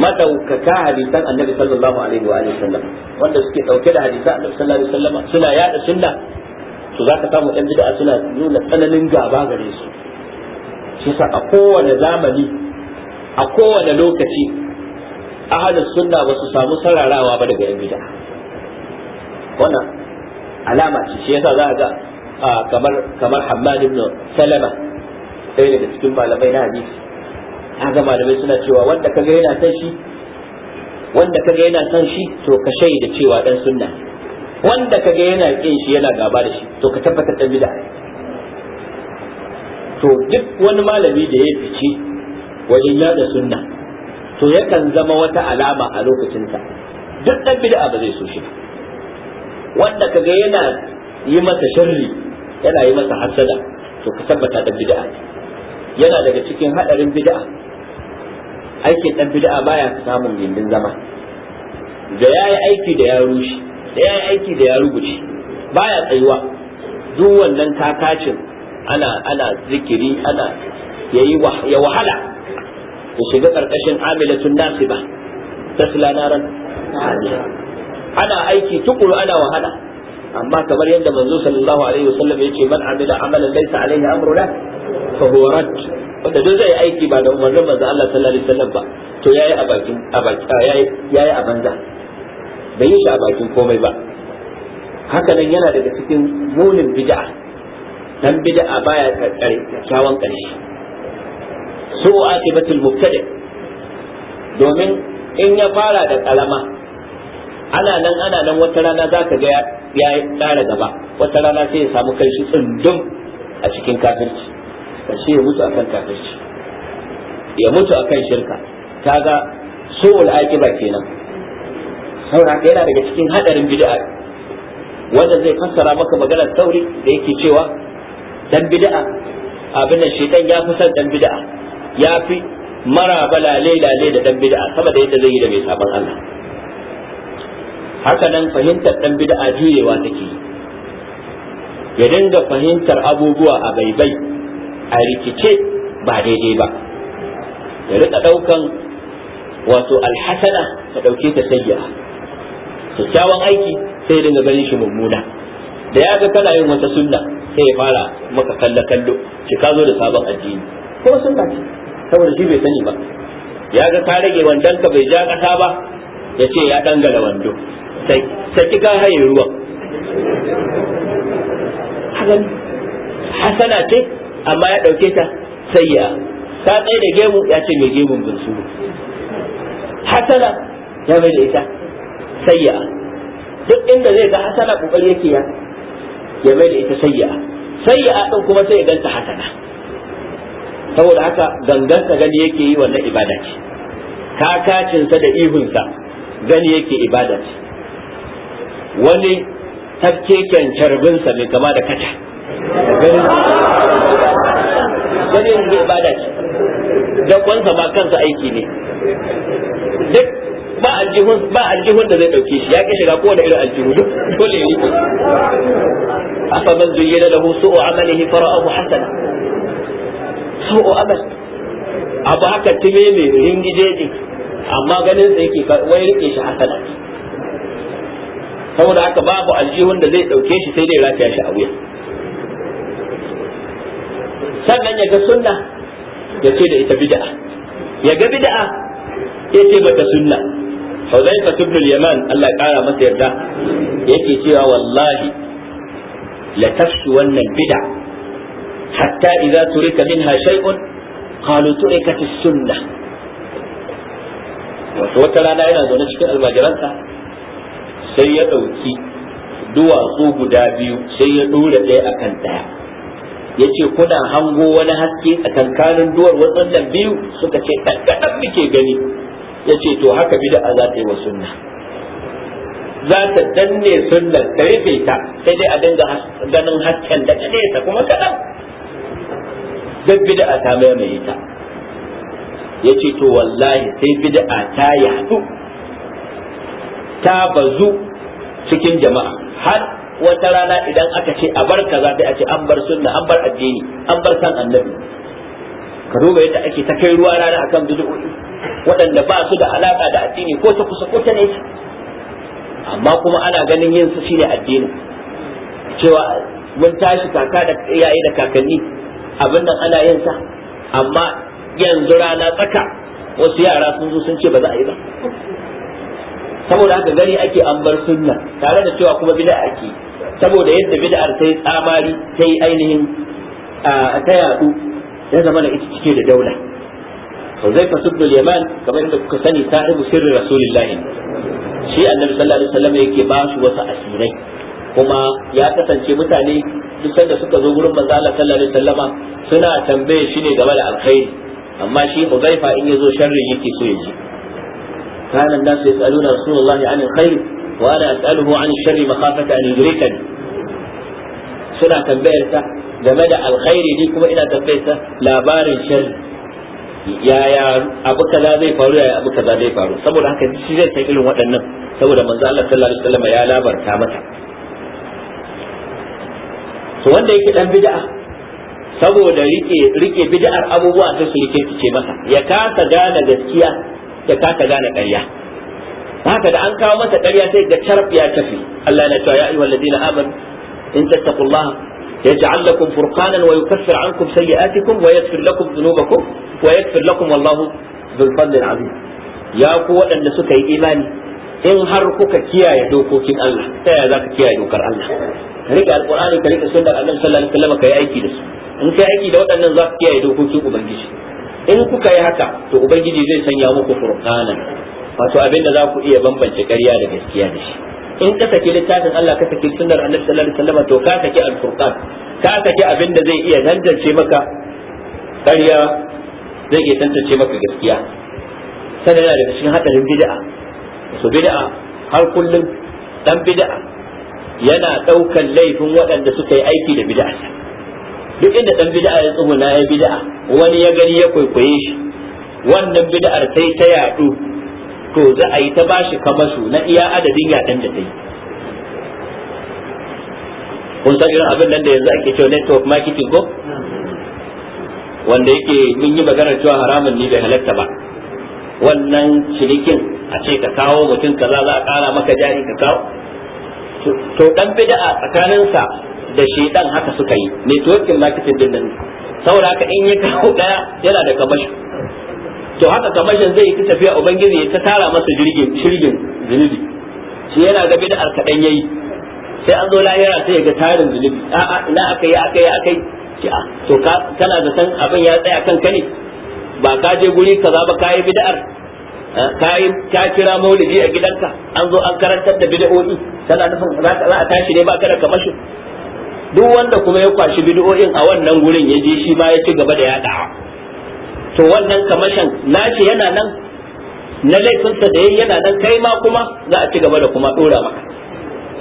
madaukaka hadisan annabi sallallahu alaihi wa alihi sallam wanda suke dauke da hadisan annabi sallallahu alaihi wasallam suna yada sunna to zaka samu yan bid'a suna nuna tsananin gaba gare su shi sa a kowane zamani a kowane lokaci ahlus sunna ba su samu sararawa ba daga yan bid'a wannan alama ce shi yasa za ga kamar kamar Hammad ibn Salama sai daga cikin malamai na hadisi haka malamai suna cewa wanda kaga yana san shi wanda kaga yana san shi to ka shaida cewa dan sunna wanda kaga yana kin shi yana gaba da shi to ka tabbatar da bid'a to duk wani malami da ya fice wajen yada sunna to yakan zama wata alama a lokacinsa duk dan bid'a ba zai so shi wanda kaga yana yi masa sharri yana yi masa hasada to ka tabbata da bid'a yana daga cikin hadarin bid'a aikin dan bid'a baya samun gindin zama da yayi aiki da ya rushe da yayi aiki da ya rubuce baya tsayuwa duk wannan takacin ana ana zikiri ana yayi ya wahala ya shiga karkashin amilatun nasiba tasla naran ana aiki tukuru ana wahala amma kamar yadda manzo sallallahu alaihi wasallam yake man amila amalan laysa alaihi amruna fa huwa rad wanda duk zai aiki ba da umarnin manzo Allah sallallahu alaihi wasallam ba to yayi a bakin a baki yayi yayi a banza bai yi shi a bakin komai ba haka nan yana daga cikin munin bid'a dan bid'a baya karkare kyawun karshe su akibatul mubtadi domin in ya fara da kalama ana nan ana nan wata rana za ka ga ya ƙara gaba wata rana sai ya samu kai shi tsundum a cikin kafirci karshe ya mutu akan kafirci ya mutu akan shirka Ta kaga su'ul aqiba kenan saboda yana daga cikin hadarin bid'a wanda zai fassara maka maganar sauri da yake cewa dan bid'a abin da dan ya fi son dan bid'a ya fi mara balale lale da dan bid'a sama da yadda zai yi da mai sabon Allah haka nan fahimtar dan bid'a juyewa take ya dinga fahimtar abubuwa a baibai a rikice ba daidai ba ya rika daukan wato alhasana ta dauke ta sayya kyakkyawan aiki sai ya dinga ganin shi mummuna da ya ga kana yin wata sunna sai ya fara maka kalla kallo ki ka zo da sabon addini ko sunna ce saboda shi bai sani ba ya ga ka rage wandon ka bai ja kasa ba ya ce ya dangala wando saki gahayin ruwan hagan hasana ce amma ya ɗauke ta sayya ka tsaye da gemu ya ce mai gemun su hasana ya mai da ita sayya duk inda zai ga hasana kokari yake ya ya mai da ita sayya sayya din kuma sai ya ganta hasana saboda haka gangansa gani yake yi wannan ibada ce kakacinsa da ihunsa gani yake ibada ce wani tafkeken carbinsa mai gama da kata. gani yanzu ibada ce kwansa ma kansa aiki ne duk ba aljihun ba aljihun da zai dauke shi ya ke shiga kowane irin aljihu duk dole ya rike afa man zuyyana lahu su'u amalihi fara'ahu hasana su'u amal abu haka time mai ringijeji amma ganin sa yake wai rike shi hasana ce saboda haka babu aljihun da zai ɗauke shi sai dai rataya shi a wuya sannan ya ga sunna ya ce da ita bid'a ya ga bid'a ya ce bata sunna Huzaifa ibn al-Yaman Allah ƙara masa yarda yake cewa wallahi la tafshu wannan bid'a hatta idza turika minha shay'un qalu turikat as-sunnah wata rana yana zaune cikin almajiransa sai ya ɗauki duwatsu guda biyu sai ya ɗora ɗaya akan ɗaya ya ce kuna hango wani haske a kankanin duwar waɗannan biyu suka ce ɗanɗaɗan muke gani ya ce to haka 'a za ta yi wa sunna za ta danne sunnar ta rufe ta sai dai a dinga ganin hasken da ta kuma kaɗan duk 'a ta mai ta ya ce to wallahi sai bid'a ta yadu ta bazu cikin jama'a har wata rana idan aka ce a bar kaza sai a ce an bar sunna an bar addini an bar san annabi ka duba yadda ake ta kai ruwa rana akan bid'o'i waɗanda ba su da alaka da addini ko ta kusa ko ta ne amma kuma ana ganin yin su shine addini cewa mun tashi kaka da iyaye da kakanni abin nan ana yin sa amma yanzu rana tsaka wasu yara sun zo sun ce ba za a yi ba saboda haka gani ake an bar sunna tare da cewa kuma bid'a ake saboda yadda bid'ar ta tsamari ta yi ainihin ta yadu ya zama da ita cike da daula Huzaifa ibn al-Yaman kamar yadda kuka sani sahibu sirri Rasulullahi shi Annabi sallallahu alaihi wasallam yake ba shi wasu asirai kuma ya kasance mutane duk sanda suka zo gurin manzo Allah sallallahu alaihi wasallama suna tambaye shi ne game da alkhairi amma shi Huzaifa in ya zo sharri yake so ya ji kana nasu yasaluna rasulullahi anil khair wa ana as'aluhu an sharri makhafata an yudrikani suna tambayar ta game da alkhairi ni kuma ina tambayar ta labarin sharri yaya abu kaza zai faru yaya abu kaza zai faru saboda haka zai san irin waɗannan saboda manzo Allah sallallahu alaihi wasallam ya labarta mata to wanda yake dan bid'a saboda rike rike bid'ar abubuwa sai su masa ya kasa gane gaskiya ya kasa gane ƙarya haka da an kawo masa ƙarya sai ga carf ya tafi Allah na cewa ya ayyuhal ladina amanu in tattaqullaha yaj'al lakum furqanan wa yukaffir ankum sayyi'atikum wa yaghfir lakum dhunubakum wa yaghfir lakum wallahu dhul fadlil azim ya ku waɗanda suka yi imani in har kuka kiyaye dokokin Allah ta yaya zaka kiyaye dokar Allah ka rike alqur'ani ka rike sunnar annabi sallallahu alaihi wasallam ka yi aiki da su in kai aiki da waɗannan zaka kiyaye dokokin ubangiji in kuka yi haka to ubangiji zai sanya muku furqanan wato abin da za ku iya bambance ƙarya da gaskiya da shi in ka saki littafin Allah ka saki sunnar Annabi sallallahu alaihi wasallam to ka saki al-furqan ka saki abin da zai iya tantance maka ƙarya zai iya tantance maka gaskiya sannan yana daga cikin hadarin bid'a su bid'a har kullum dan bid'a yana daukan laifin waɗanda suka yi aiki da bid'a duk inda dan bid'a ya tsuguna ya bid'a wani ya gani ya kwaikwaye shi wannan bid'ar sai ta yadu to za a yi ta bashi kamasu na iya adadin yadan da ta yi kun san irin abin nan da yanzu ake cewa network marketing ko wanda yake mun yi maganar cewa haramun ne bai halatta ba wannan cinikin a ce ka kawo mutum kaza za a kara maka jari ka kawo to dan bid'a tsakaninsa da shedan haka suka yi networking marketing din nan saboda ka in ya kawo daya yana da kamashi to haka kamashin zai ta tafiya ubangiji ya ta tara masa jirgin shirgin zunubi shi yana ga bid'a kadan yayi sai an zo lahira sai ya ga tarin zunubi a a ina akai akai akai ce a ah, to ka kana da san abin ya tsaya kanka ne ba ka je guri kaza ba kai bid'ar eh, yi ka kira maulidi a gidanka an zo an karantar da bid'o'i sana nufin za a tashi ne ba ka da kamashin duk wanda kuma ya kwashi bid'o'in a wannan gurin ya je shi ma ya ci gaba da yadawa to wannan kamashin nashi yana nan na laifinsa da yayi yana nan kai ma kuma za a ci gaba da kuma dora maka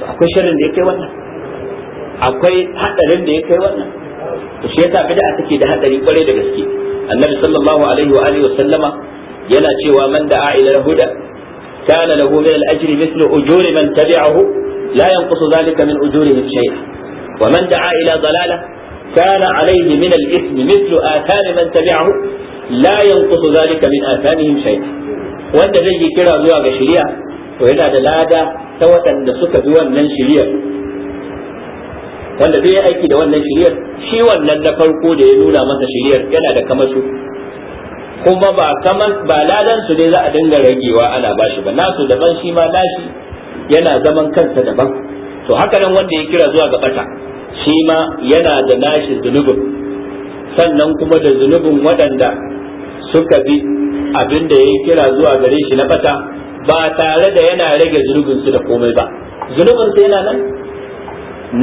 akwai shirin da ya kai wannan akwai hadarin da ya kai wannan to shi yasa bid'a take da hadari kwarai da gaske annabi sallallahu alaihi wa alihi wa sallama yana cewa man da'a ila huda kana lahu min al-ajri mithlu ujuri man tabi'ahu la yanqusu dhalika min ujurihim shay'a ومن دعا إلى ضلالة كان عليه من الإثم مثل آثام من تبعه لا ينقص ذلك من آثامهم شيئا وأنت زي كده زوا شريعة وهنا دلادة سوة سكة زوا من شريعة wanda zai yi aiki da wannan shiriyar shi wannan na farko da ya nuna masa shiriyar yana da kuma ba kaman ba ladan su ne za a dinga ragewa ana bashi ba nasu daban shi ma nashi yana zaman kansa daban to haka nan wanda ya kira zuwa ga bata shi ma yana da nashi zunubin sannan kuma da zunubin waɗanda suka bi abin da ya kira zuwa gare shi na bata ba tare da yana rage zunubin su da komai ba zunubin sa yana nan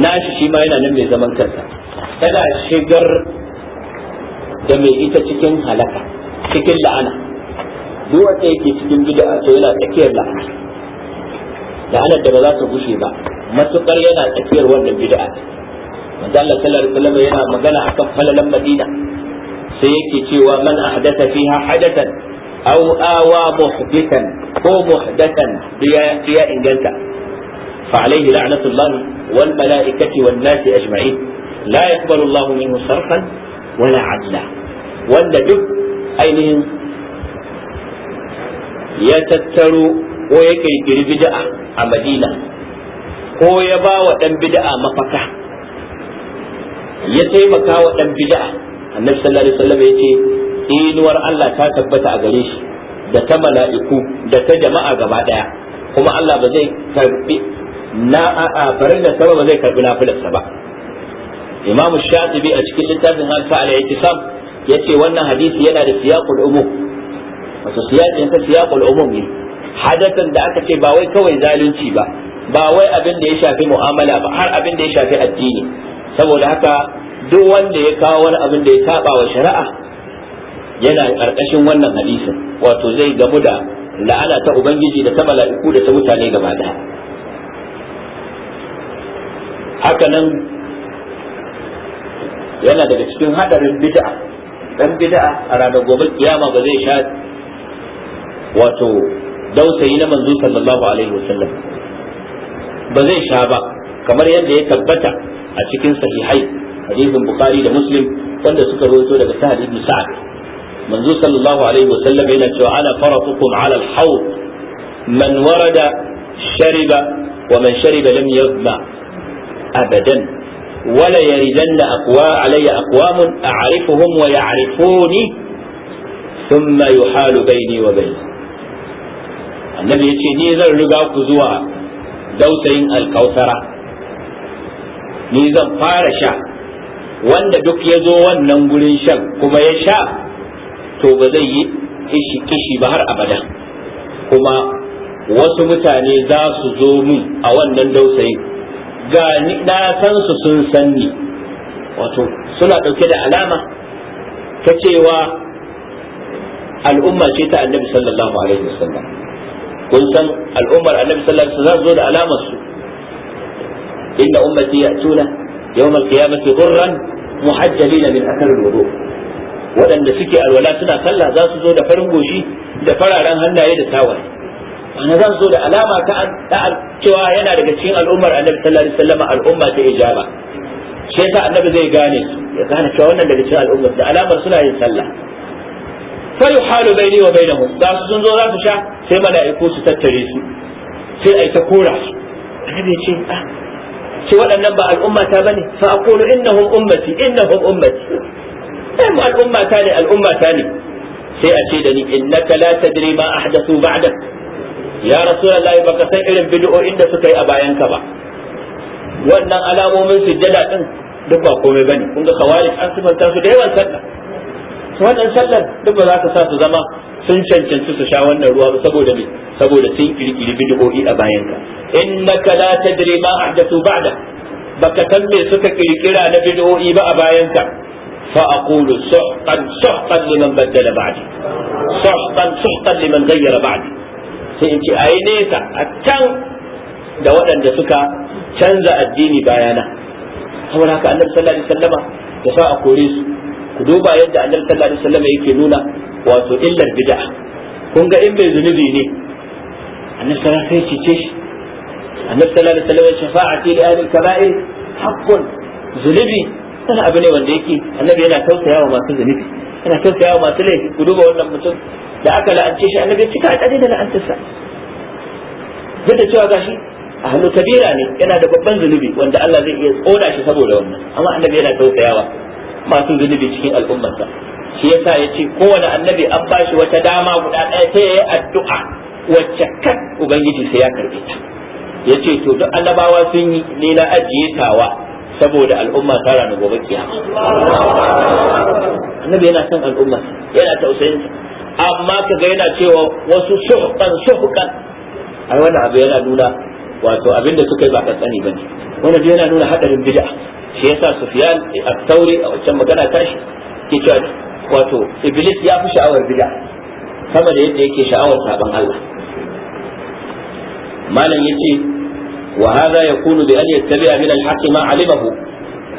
nashi shi ma yana nan mai zaman kansa tana shigar da mai ita cikin halaka cikin la'ana duk wanda yake cikin bid'a to yana tsakiyar la'ana la'anar da ba za ta gushe ba matukar yana tsakiyar wannan bid'a manzo Allah sallallahu alaihi yana magana akan falalan Madina sai yake cewa man ahdatha fiha hadathan aw awa muhdithan ko muhdathan ya inganta fa alaihi la'natullah wal malaikati wan nas ajma'in la yaqbalu Allah minhu sarfan wala adla wanda duk ainihin ya tattaro ko ya kirkiri bid'a a madina ko ya ba wa dan bid'a mafaka ya taimaka wa dan bid'a annabi sallallahu alaihi wasallam ya ce inuwar Allah ta tabbata a gare shi da ta mala'iku da ta jama'a gaba daya kuma Allah ba zai karbi na a farin da ba zai karbi sa ba imam shatibi a cikin littafin al fa'ala yake sam yace wannan hadisi yana da siyaqul umum wato siyaqin siyaqul umum ne hadasan da aka ce ba wai kawai zalunci ba ba wai abin da ya shafi mu'amala ba har abin da ya shafi addini saboda haka duk wanda ya kawo wani abin da ya saba wa shari'a yana karkashin wannan hadisin wato zai gamu da la'ana ta ubangiji da ta mala'iku da ta mutane gaba daya haka nan yana daga cikin hadarin bid'a dan bid'a a ranar gobe kiyama ba zai sha wato dausayi na manzo sallallahu alaihi wasallam ba zai sha ba kamar yadda ya tabbata a cikin sahihai hadithin bukhari da muslim wanda suka rawaito daga sa'ad ibn sa'ad manzo sallallahu alaihi wasallam yana cewa ana faratukum ala al-hawd man warada shariba wa man shariba lam yadma abadan ولا يردن أقوى علي أقوام أعرفهم ويعرفوني ثم يحال بيني وبينهم annabi ya ce ni zan riga ku zuwa dausayin alkautara ni zan fara sha wanda duk ya zo wannan gurin shan kuma ya sha to ba zai yi kishi kishi ba har abada kuma wasu mutane za su zo min a wannan dausayin ga ni na san su sun san ni wato suna ɗauke da alama ta cewa al'umma ce ta annabi sallallahu alaihi wasallam kun san al'ummar annabi sallallahu alaihi wasallam zo da alamar su inna ummati ya'tuna yawm al-qiyamati ghurran muhajjalina min athar al-wudu waɗanda suke alwala suna sallah za su zo da farin goshi da fararen hannaye da tawaye wanda za su zo da alama ta cewa yana daga cikin al'ummar annabi sallallahu alaihi wasallam al'umma ta ijaba sai sa annabi zai gane ya gane cewa wannan daga cikin al'ummar da alamar suna yin sallah fa yuhalu ne wa bainahu ga su sun zo za su sha sai mala'iku su tattare su sai ai ta kora su annabi ya ce ah, ce waɗannan ba al'umma ta bane fa aqulu innahum ummati innahum ummati sai mu al'umma ta ne al'umma ta ne sai a ce da ni innaka la tadri ma ahdathu ba'dak ya rasulullahi baka san irin bid'o'in da suka yi a bayan ka ba wannan alamomin sujjada din duk ba komai bane kun ga khawarij an sifanta su da yawan sallah wannan sallar duk ba za ka sa su zama sun cancanci su sha wannan ruwa ba saboda me saboda sun kirkiri bid'o'i a bayan ka innaka la tadri ma ahdathu ba'da baka san me suka kirkira na bid'o'i ba a bayan ka fa aqulu suhqan suhqan liman baddala ba'di suhqan suhqan liman ghayyara ba'di sai in ce ayi nesa a can da waɗanda suka canza addini bayana saboda haka annabi sallallahu alaihi wasallama da sa a kore su ku duba yadda annabi sallallahu alaihi wasallam yake nuna wato illar bid'a kun ga in mai zunubi ne annabi sallallahu alaihi wasallam ya ce annabi sallallahu alaihi wasallam shafa'ati li ahli kaba'ir haqqun zunubi sai abu ne wanda yake annabi yana tausaya wa masu zunubi yana tausaya wa masu laifi ku duba wannan mutum da aka la'ance shi annabi ya cika alƙadi da la'antarsa duk da cewa gashi ahlu kabira ne yana da babban zunubi wanda Allah zai iya tsoda shi saboda wannan amma annabi yana tausayawa masu zunubi cikin al'ummarsa shi yasa ya ce kowane annabi an ba shi wata dama guda ɗaya ta yi addu'a wacce kan ubangiji sai ya karɓe ta ya ce to duk annabawa sun yi ni na ajiye tawa saboda al'umma ta rana gobe kiyama annabi yana son al'umma yana tausayin amma kaga yana cewa wasu shuhqan shuhqan ai wannan abu yana nuna wato abinda suka yi ba kankani bane wannan yana nuna hadarin bid'a shi yasa sufyan at-tauri a wancan magana tashi ke wato iblis ya fi sha'awar bid'a sama da yadda yake sha'awar sabon Allah malam yace wa hadha yakunu bi an yattabi'a min al-haqq ma 'alimahu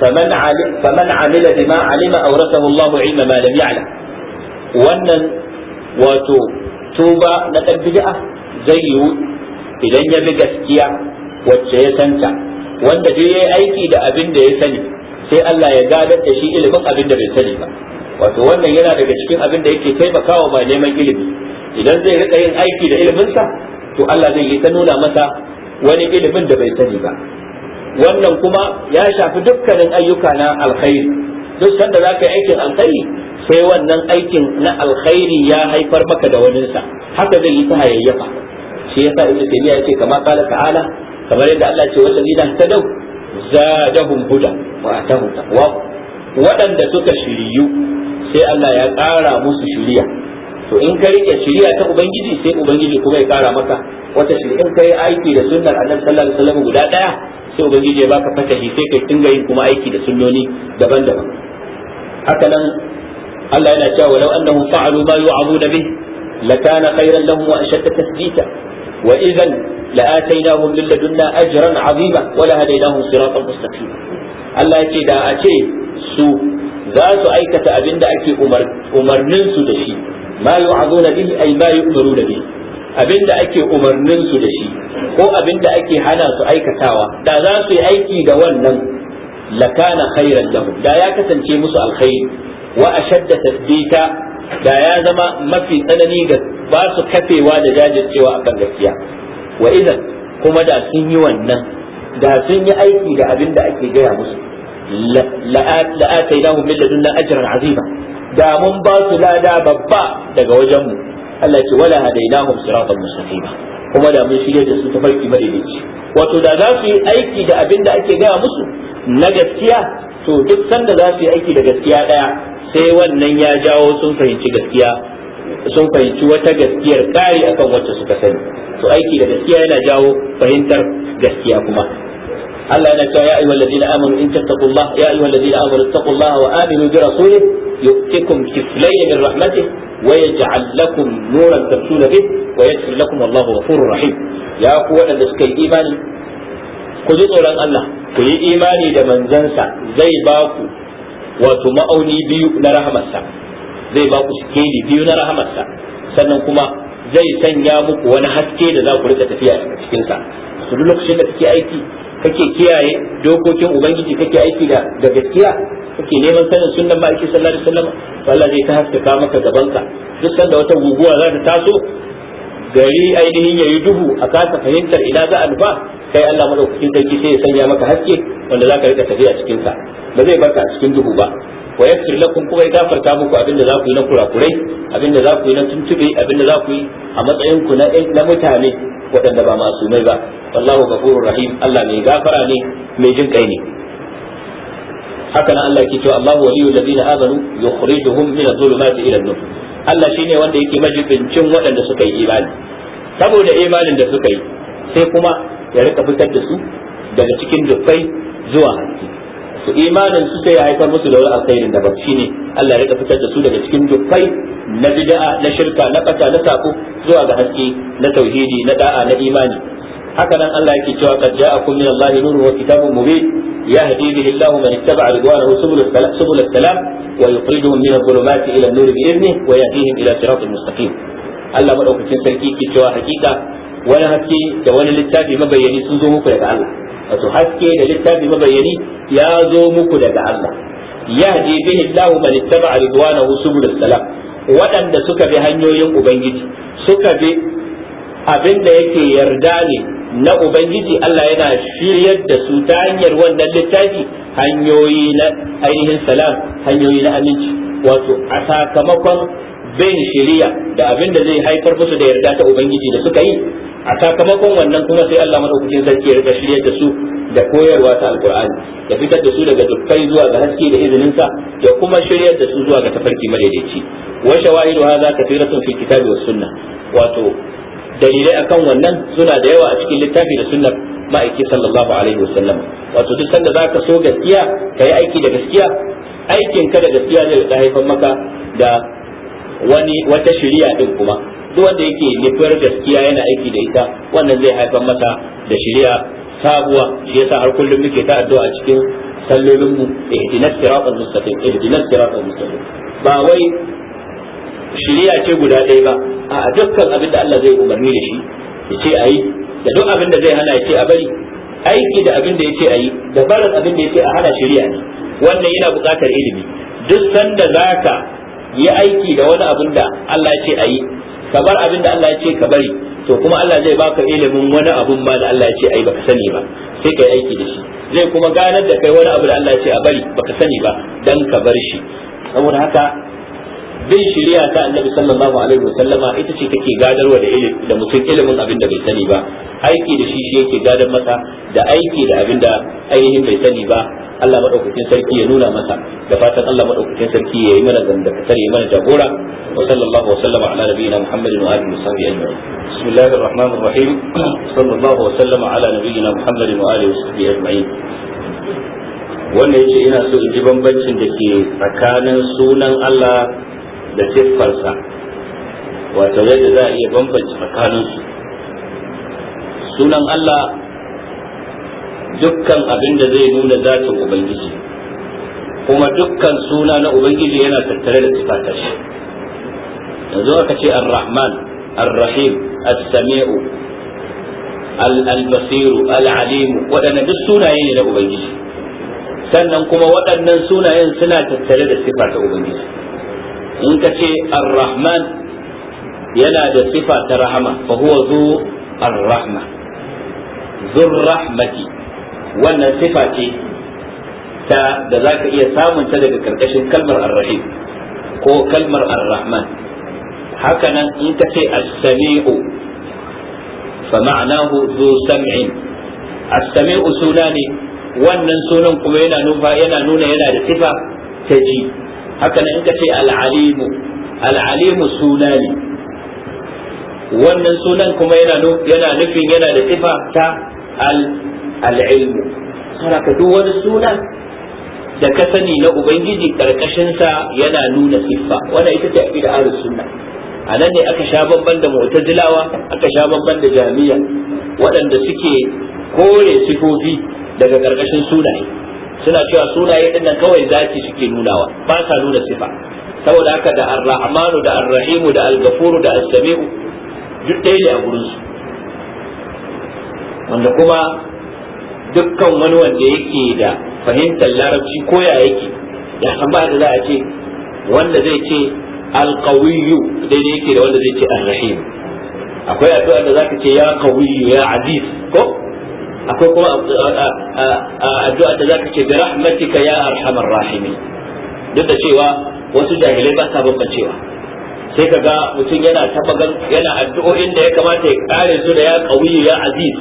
faman 'alim faman 'amila bima 'alima awrathahu Allah 'ilma ma lam ya'lam wannan wato tuba na ɗan bid'a zai yiwu idan ya bi gaskiya wacce ya santa wanda duk yayi aiki da abin da ya sani sai Allah ya gadar da shi ilimin abin da bai sani ba wato wannan yana daga cikin abin da yake taimakawa ba neman ilimi idan zai rika yin aiki da iliminsa to Allah zai yi ta nuna masa wani ilimin da bai sani ba wannan kuma ya shafi dukkanin ayyuka na alkhairi duk sanda zaka yi aikin alkhairi sai wannan aikin na alkhairi ya haifar maka da waninsa haka zai yi ta hayayyafa shi yasa ibnu taymiya yake kama kala ta'ala kamar yadda Allah ce wata lidan ta dau zadahum huda wa atahum taqwa waɗanda suka shiriyu sai Allah ya ƙara musu shiriya to in ka rike shiriya ta ubangiji sai ubangiji kuma ya ƙara maka wata shiriya in kai aiki da sunnar Annabi sallallahu alaihi wasallam guda ɗaya, sai ubangiji ya baka fatahi sai kai dinga yin kuma aiki da sunnoni daban-daban haka nan Allah yana cewa walau annahum fa'alu ma yu'azuna bih lakana khayran lahum wa ashadda tasbita wa idan لآتيناهم من لدنا أجرا عظيما ولهديناهم صراطا مستقيما Allah ce da a ce su za su aikata abin da ake umarnin su da shi ma yu'azuna bihi ay ma yu'maruna bihi abin da ake umarnin su da shi ko abin da ake hana su aikatawa da za su yi aiki da wannan lakana khairan lahum da ya kasance musu alkhairi wa ashadda tasbita da ya zama mafi tsanani ga ba su kafewa da jajircewa akan gaskiya wa idan kuma da sun yi wannan da sun yi aiki da abin da ake gaya musu la'atainahum min ladunna ajran azima da mun ba su lada babba daga wajen mu Allah ce wala hadainahum siratan mustaqima kuma da mun shirye da su tafarki madaidaici wato da za su yi aiki da abin da ake gaya musu na gaskiya to duk sanda za su yi aiki da gaskiya daya sai wannan ya jawo sun fahimci gaskiya sun fahimci wata gaskiyar kari akan wacce suka sani to aiki da gaskiya yana jawo fahimtar gaskiya kuma Allah yana cewa ya ayyuhal ladina amanu in tattaqullaha ya ayyuhal ladina amanu taqullaha wa aminu bi rasulih yu'tikum kiflayn min rahmatih wa yaj'al lakum nuran tamshuna bih wa yaghfir lakum wallahu ghafurur rahim ya ku wadanda suka yi imani ku ji tsoron Allah ku yi imani da manzansa zai ba ku wato ma'auni biyu na rahamarsa zai ba ku sikeli biyu na rahamarsa sannan kuma zai sanya muku wani haske da za ku rika tafiya a cikin sa su duk lokacin da kake aiki kake kiyaye dokokin ubangiji kake aiki da da gaskiya kake neman sanin sunnan ma'aiki sallallahu alaihi wasallam to Allah zai ta haskaka maka ka. duk sanda wata guguwa za ta taso gari ainihin yayi duhu a kasa fahimtar ina za a nufa kai Allah madaukakin sarki sai ya sanya maka haske wanda za ka rika tafiya cikin sa ba zai barka a cikin duhu ba wa yaghfir lakum kuma ya gafarta muku abinda za ku yi na kurakurai abinda za ku yi na tuntube abinda za ku yi a matsayin ku na mutane waɗanda ba masumai ba wallahu ghafurur rahim Allah mai gafara ne mai jin kai ne haka nan Allah yake cewa Allahu waliyul ladina amanu yukhrijuhum min adh-dhulumati ila an-nur Allah shine wanda yake majibincin waɗanda suka yi imani saboda imanin da suka yi sai kuma ya rika fitar da su daga cikin dukkai zuwa imanin su sai ya haifar musu da wani alkhairin da shi ne Allah ya rika fitar da su daga cikin dukkai na bid'a na shirka na kata na sako zuwa ga haske na tauhidi na da'a na imani haka nan Allah yake cewa qad ja'akum min Allah nuru wa kitabun mubin yahdi bihi Allah man ittaba'a ridwanahu subul salam wa yukhrijuhum min adh-dhulumati ila an-nur bi idnihi wa yahdihim ila siratin mustaqim Allah madaukakin sarki ke cewa hakika wani haske da wani littafi mabayyani sun zo muku daga Allah wato haske da littafi mabayyani ya zo muku daga Allah yahdi bihi Allah man ittaba ridwanahu subul salam waɗanda suka bi hanyoyin ubangiji suka bi abin da yake yarda ne na ubangiji Allah yana shiryar da su ta hanyar wannan littafi hanyoyi na ainihin salam hanyoyi na aminci wato a sakamakon bayin shari'a da abin da zai haifar musu da yarda ta ubangiji da suka yi a sakamakon wannan kuma sai Allah madaukakin sarki ya rika shiryar da su da koyarwa ta alqur'ani ya fitar da su daga dukkan zuwa ga haske da izinin sa ya kuma shiryar da su zuwa ga tafarki madaidaici wa shawahidu hadha kathiratun fil kitabi was sunnah wato dalilai akan wannan suna da yawa a cikin littafi da sunnar ma'aiki sallallahu alaihi wasallam wato duk sanda zaka so gaskiya kai aiki da gaskiya aikin ka da gaskiya zai haifar maka da wani wata shari'a din kuma duk wanda yake nufar gaskiya yana aiki da ita wannan zai haifar mata da shari'a sabuwa shi yasa har kullum muke ta addu'a cikin sallolin mu ihdinas siratal mustaqim ihdinas siratal mustaqim ba wai shari'a ce guda ɗaya ba a dukkan abin da Allah zai umarni da shi ya ce ayi da duk abin da zai hana ya ce a bari aiki da abin da ya ce a yi da barin abin da ya ce a hana shari'a ne wannan yana buƙatar ilimi duk sanda zaka yi aiki da wani abin da Allah ya ce a yi ka bar abin da Allah ya ce ka bari to kuma Allah zai baka ilimin wani abun ma da Allah ya ce yi baka sani ba sai ka yi aiki da shi zai kuma ganar da kai wani abu da Allah ya ce a bari baka sani ba dan ka bar shi saboda haka bin shari'a ta annabi sallallahu alaihi wasallama ita ce take gadarwa da da mutum ilimin abin da bai sani ba aiki da shi shi yake gadar masa da aiki da abin da ainihin bai sani ba Allah madaukakin sarki ya nuna masa da fatan Allah madaukakin sarki ya yi mana zanda ka sare mana jagora wa sallallahu wa sallama ala nabiyina muhammadin wa alihi wa sahbihi ajma'in bismillahir rahmanir rahim sallallahu wa sallama ala nabiyina muhammadin wa alihi wa sahbihi ajma'in wannan yace ina so in ji bambancin da ke tsakanin sunan Allah da siffarsa wato yadda za a iya bambance tsakaninsu sunan Allah dukkan abin da zai nuna zatin Ubangiji kuma dukkan suna na Ubangiji yana tattare da sifatar shi yanzu aka ce ar-Rahman ar-Rahim as-Sami'u al-Basiru al-Alimu waɗannan duk sunaye ne na Ubangiji sannan kuma waɗannan sunayen suna tattare da sifa ta Ubangiji in ka ce ar-rahman yana da sifa ta rahama fa huwa zu ar-rahma zur rahmati wannan sifa ce ta da zaka iya samun ta daga karkashin kalmar ar-rahim ko kalmar ar-rahman hakanan in ka ce as-sami'u fa ma'anahu zu sam'in as-sami'u sunani wannan sunan kuma yana nufa yana nuna yana da sifa ta ji haka in ka ce al'alimu al'alimu suna ne wannan sunan kuma yana nufin yana da sifa ta al'ilmu saboda duk wani suna da ka sani na ubangiji ƙarƙashinsa yana nuna siffa wannan ita ce da ahlus suna. a nan ne aka sha babban da mu'tazilawa aka sha babban da jami'a waɗanda suke kore sifofi daga ƙarƙashin sunaye suna cewa sunaye dinnan kawai zaki suke nunawa ba sa nuna sifa saboda haka da ar da ar-rahimu da al-ghafuru da as-sami'u duk ɗaya ne a gurin su wanda kuma dukkan wani wanda yake da fahimtar larabci ko ya yake ya san ba da za a ce wanda zai ce al-qawiyyu daidai yake da wanda zai ce ar-rahim akwai addu'a da zaka ce ya qawiyyu ya aziz ko akwai kuma addu'a da zaka ce bi rahmatika ya arhamar rahimin duk da cewa wasu jahilai ba sa bambancewa sai ka ga mutum yana tabagan yana addu'o'in da ya kamata ya kare su da ya qawiyu ya aziz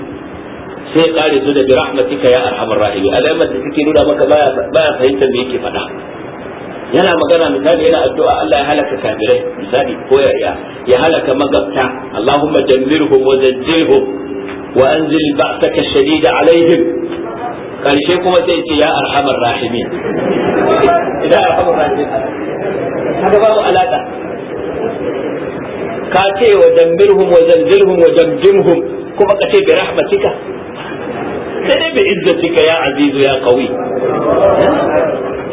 sai ya kare su da bi rahmatika ya arhamar rahimin alamar da take nuna maka baya baya fahimtar me yake faɗa yana magana misali yana addu'a Allah ya halaka kafirai misali ko ya ya halaka magabta Allahumma jammilhum wa zajjilhum wa anzil ba'saka shadida alaihim karshe kuma sai ce ya arhamar rahimin idan arhamar rahimin kaga babu alaka ka ce wa jammirhum wa zanjirhum wa jamjimhum kuma ka ce bi rahmatika sai dai bi izzatika ya azizu ya qawi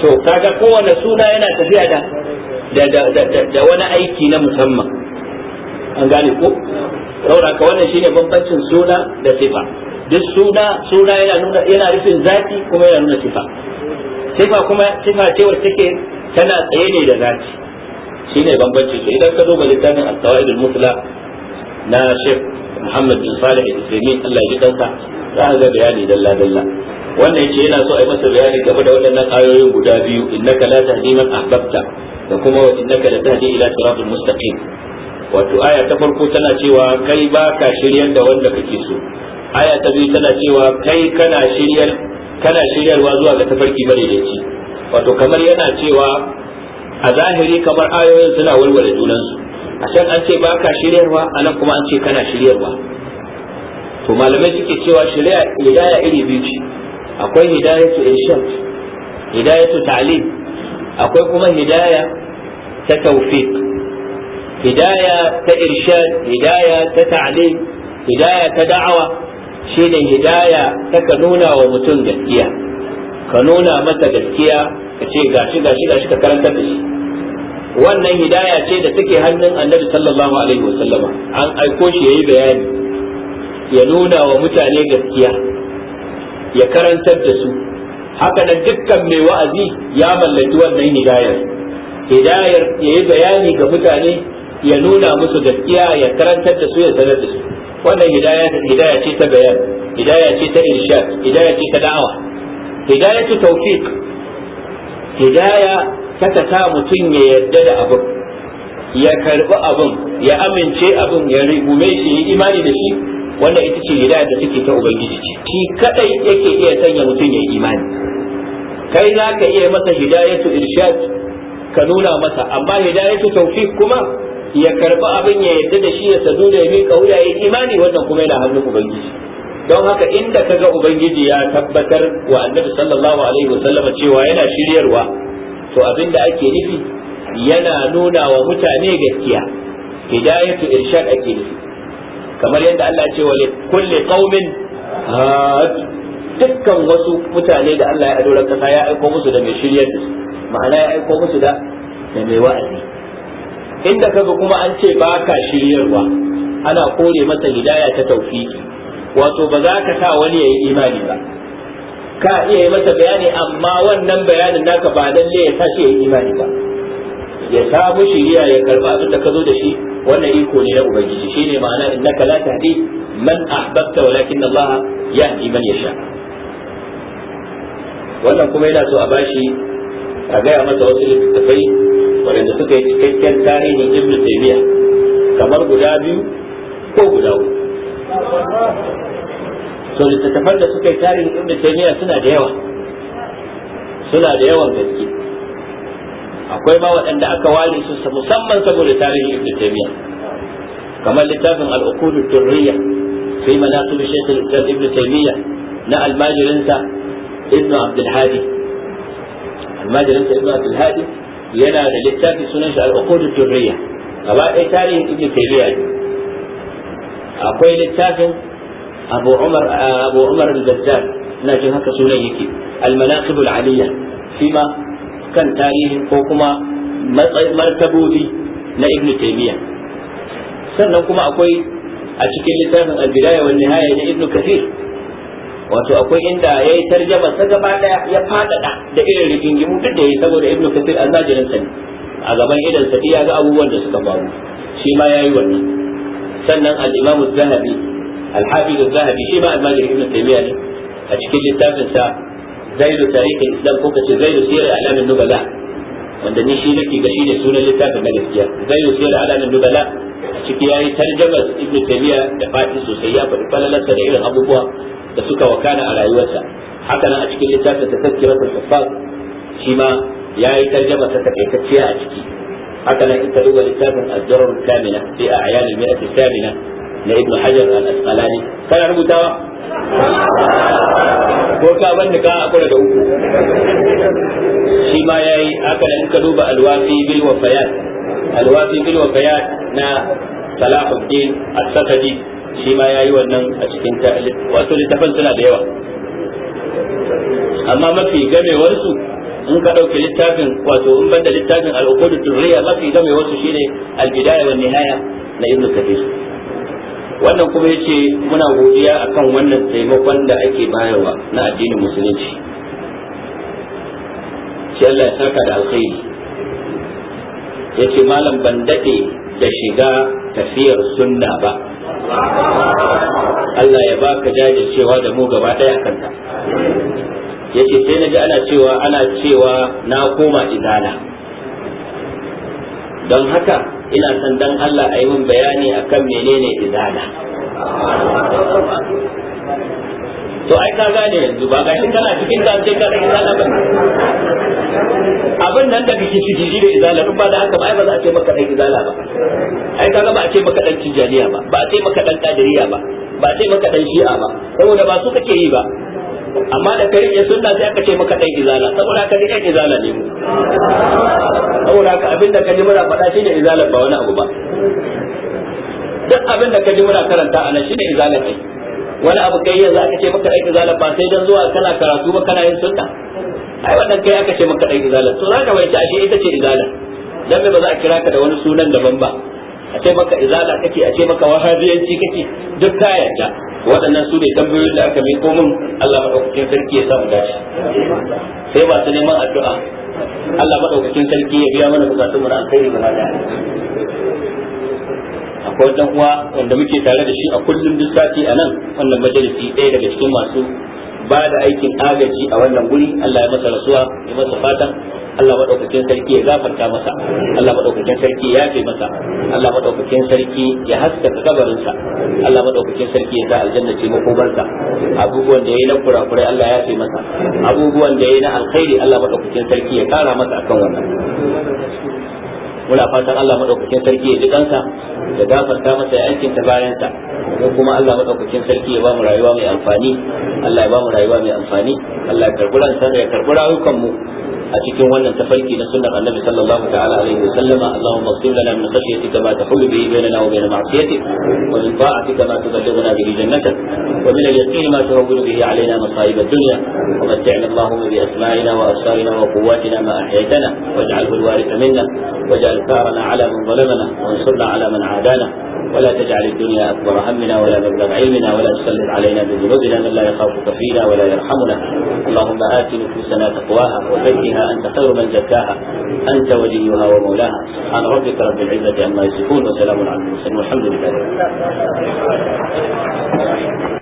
to kaga kowane suna yana tafiya da da wani aiki na musamman an gane ko saboda ka wannan shine bambancin suna da sifa duk suna suna yana nuna yana rufin zati kuma yana nuna sifa sifa kuma sifa ce wacce take tana tsaye ne da zati shine bambancin su idan ka duba littafin al-qawaid al-musla na Sheikh Muhammad bin Salih al-Uthaymeen Allah ya ji kansa za ga bayani dalla dalla wannan yace yana so a yi masa bayani game da waɗannan ayoyin guda biyu innaka la tahdi man ahbabta da kuma innaka la tahdi ila siratal mustaqim wato aya ta farko tana cewa kai ba ka shiryar da wanda kake so aya ta biyu tana cewa kai kana shiryar kana shiryarwa zuwa ga tafarki madaidaici wato kamar yana cewa a zahiri kamar ayoyin suna walwala junansu a can an ce ba ka shiryarwa a nan kuma an ce kana shiryarwa to malamai suke cewa shirya hidaya iri biyu ce akwai Hidaya hidayatu irshad hidayatu ta'lim akwai kuma hidaya ta Taufik. hidaya ta irshad hidaya ta ta'lim hidaya ta da'awa shine hidaya ta ka nuna wa mutum gaskiya ka nuna masa gaskiya ka ce gashi gashi gashi ka karanta da shi wannan hidaya ce da take hannun annabi sallallahu alaihi wasallama an aiko shi yayi bayani ya nuna wa mutane gaskiya ya karantar da su haka nan dukkan mai wa'azi ya mallaki wannan hidayar hidayar ya yi bayani ga mutane ya nuna musu gaskiya ya karantar da su ya sanar da su wannan hidaya ce ta bayan hidaya ce ta irshad hidaya ce ta da'awa hidaya ta tawfiq hidaya ta ta sa mutum ya yarda da abin ya karbi abin ya amince abin ya rigume shi ya imani da shi wannan ita ce hidaya da take ta ubangiji ce shi kadai yake iya sanya mutum ya imani kai za ka iya masa hidayatu irshad ka nuna masa amma hidayatu tawfiq kuma ya karba abin ya yarda da shi ya sadu da ya bi wuya ya imani wannan kuma yana hannun ubangiji don haka inda ga ubangiji ya tabbatar wa annabi sallallahu alaihi wasallama cewa yana shiryarwa to abin da ake nufi yana nuna wa mutane gaskiya hidayatu irshad ake nufi kamar yadda Allah ya ce wa kulli qaumin dukkan wasu mutane da Allah ya adora kasa ya aiko musu da mai shiryar da su ma'ana ya aiko musu da mai wa'azi inda kaga kuma an ce ba ka shiryarwa ana kore masa hidaya ta taufiki wato ba za ka sa wani ya yi imani ba ka iya yi masa bayani amma wannan bayanin naka ba ne ya sa shi ya yi imani ba ya samu shiriya ya karba abin da ka zo da shi wannan iko ne na ubangiji ne ma'ana innaka la tahdi man ahbabta walakin Allah yahdi man yasha wannan kuma yana so a bashi a gaya masa wasu littattafai waɗanda suka yi cikakken tarihin ibn taymiya kamar guda biyu ko guda uku so littattafan da suka yi tarihin ibn taymiya suna da yawa suna da yawan gaske akwai ma waɗanda aka ware su musamman saboda tarihin ibn taymiya kamar littafin al turriya fi manaqib shaykh al-islam ibn taymiya na almajirinsa ibn abdulhadi almajirin sa yana da littafi sunan shi al-uqudud durriya gaba ɗaya tarihin ibnu taymiya akwai littafin abu umar abu umar ina jin haka sunan yake al-manaqib al-aliyya shi ma kan tarihin ko kuma martabobi na ibnu taymiya sannan kuma akwai a cikin littafin al-bidaya wan nihaya na ibnu kathir wato akwai inda ya yi tarjama ta gaba daya ya fadada da irin rigingimu duk da ya saboda ibnu kafir zajirin sani a gaban idan sa ya ga abubuwan da suka faru shi ma yayi wannan sannan al-imam az-zahabi al-hafiz az-zahabi shi ma al ibn taymiyyah ne a cikin littafin sa zaidu tarikh al-islam ko kace zaidu sirar alamin nubala wanda ni shi nake ga da sunan littafin na gaskiya zaidu sirar alamin nubala a ciki yayi tarjama ibn taymiyyah da fadi sosai ya faɗi falalarsa da irin abubuwa da suka wakana a rayuwarsa haka nan a cikin littafin ta huffaz shi ma yi tarjama ta takaitacciya a ciki haka nan ita duba littafin ad kamina sai a a'yan al-mi'at al-thamina na ibn hajar al-asqalani kana rubutawa ko ka banda ka akura da uku shi ma yi haka nan ka duba al-wafi bil wafayat al bil wafayat na صلاح الدين السكدي shi ma yayi wannan a cikin wato littafan suna da yawa amma mafi gamewarsu in ka ɗauki littafin wato in banda littafin al'ukudu turriya mafi gamewarsu shine al-bidaya wa nihaya na ibnu kabir wannan kuma yace muna godiya akan wannan taimakon da ake bayarwa na addinin musulunci shi Allah ya saka da alkhairi yace malam ban daɗe da shiga tafiyar sunna ba Allah ya baka jajircewa da mu gaba daya kanta ce sai naji ana cewa ana cewa na koma idana don haka ina son dan Allah a yi min bayani akan menene idana to ai ka gane yanzu ba gashi kana cikin ka sai ka rage zalaba abin nan da kake ciki shi da izala in ba da haka ba ai ba za a ce maka dan izala ba ai ga ba a ce maka dan tijaniya ba ba a ce maka dan kadiriya ba ba a ce maka dan shi'a ba saboda ba su kake yi ba amma da kai ya sunna sai aka ce maka dan izala saboda ka ji dan izala ne mu saboda ka abin da ka ji muna faɗa shine izala ba wani abu ba duk abin da ka ji muna karanta a nan shine izala ne wani abu kai yanzu aka ce maka aiki zalar ba sai dan zuwa kana karatu ba kana yin sunna ai wannan kai aka ce maka aiki zalar to zaka bai ta ashe ita ce izala dan me ba za a kira ka da wani sunan daban ba a ce maka izala kake a ce maka wahabiyanci kake duk ta yanta. waɗannan su ne tambayoyin da aka miko min Allah madaukakin sarki ya sa mu dace sai ba su neman addu'a Allah madaukakin sarki ya biya mana bukatun mu na alkhairi ba daya akwai dan uwa wanda muke tare da shi a kullum duk sati a nan wannan majalisi ɗaya daga cikin masu ba da aikin agaji a wannan guri Allah ya masa rasuwa ya masa fatan Allah madaukakin sarki ya gafarta masa Allah madaukakin sarki ya yafe masa Allah madaukakin sarki ya haskaka kabarinsa Allah madaukakin sarki ya sa aljanna ce makobarsa abubuwan da yayi na kurakurai Allah ya yafe masa abubuwan da yayi na alkhairi Allah madaukakin sarki ya kara masa akan wannan muna fatan Allah madaukakin sarki ya ji kansa da gafarta masa aikin ta bayan sa ko kuma Allah madaukakin sarki ya ba mu rayuwa mai amfani Allah ya ba mu rayuwa mai amfani Allah ya karbi ransa ya karbi rayukan mu a cikin wannan tafarki na sunnar annabi sallallahu ta'ala alaihi wa sallama allahumma qsim lana min khashyatika ma tahulu bihi bainana wa bain ma'siyatik wa min ta'atika ma tuballighuna bihi jannatak wa min al-yaqini ma tuhawwilu bihi alaina masa'ib ad-dunya wa mat'ina allahumma bi asma'ina wa absarina wa quwwatina ma ahyaytana waj'alhu al-waritha minna waj'al إثارنا على من ظلمنا وانصرنا على من عادانا ولا تجعل الدنيا أكبر همنا ولا مبلغ علمنا ولا تسلط علينا بذنوبنا من لا يخافك فينا ولا يرحمنا اللهم آت نفوسنا تقواها وزكها أنت خير من زكاها أنت وليها ومولاها سبحان ربك رب العزة عما يصفون وسلام على المرسلين والحمد لله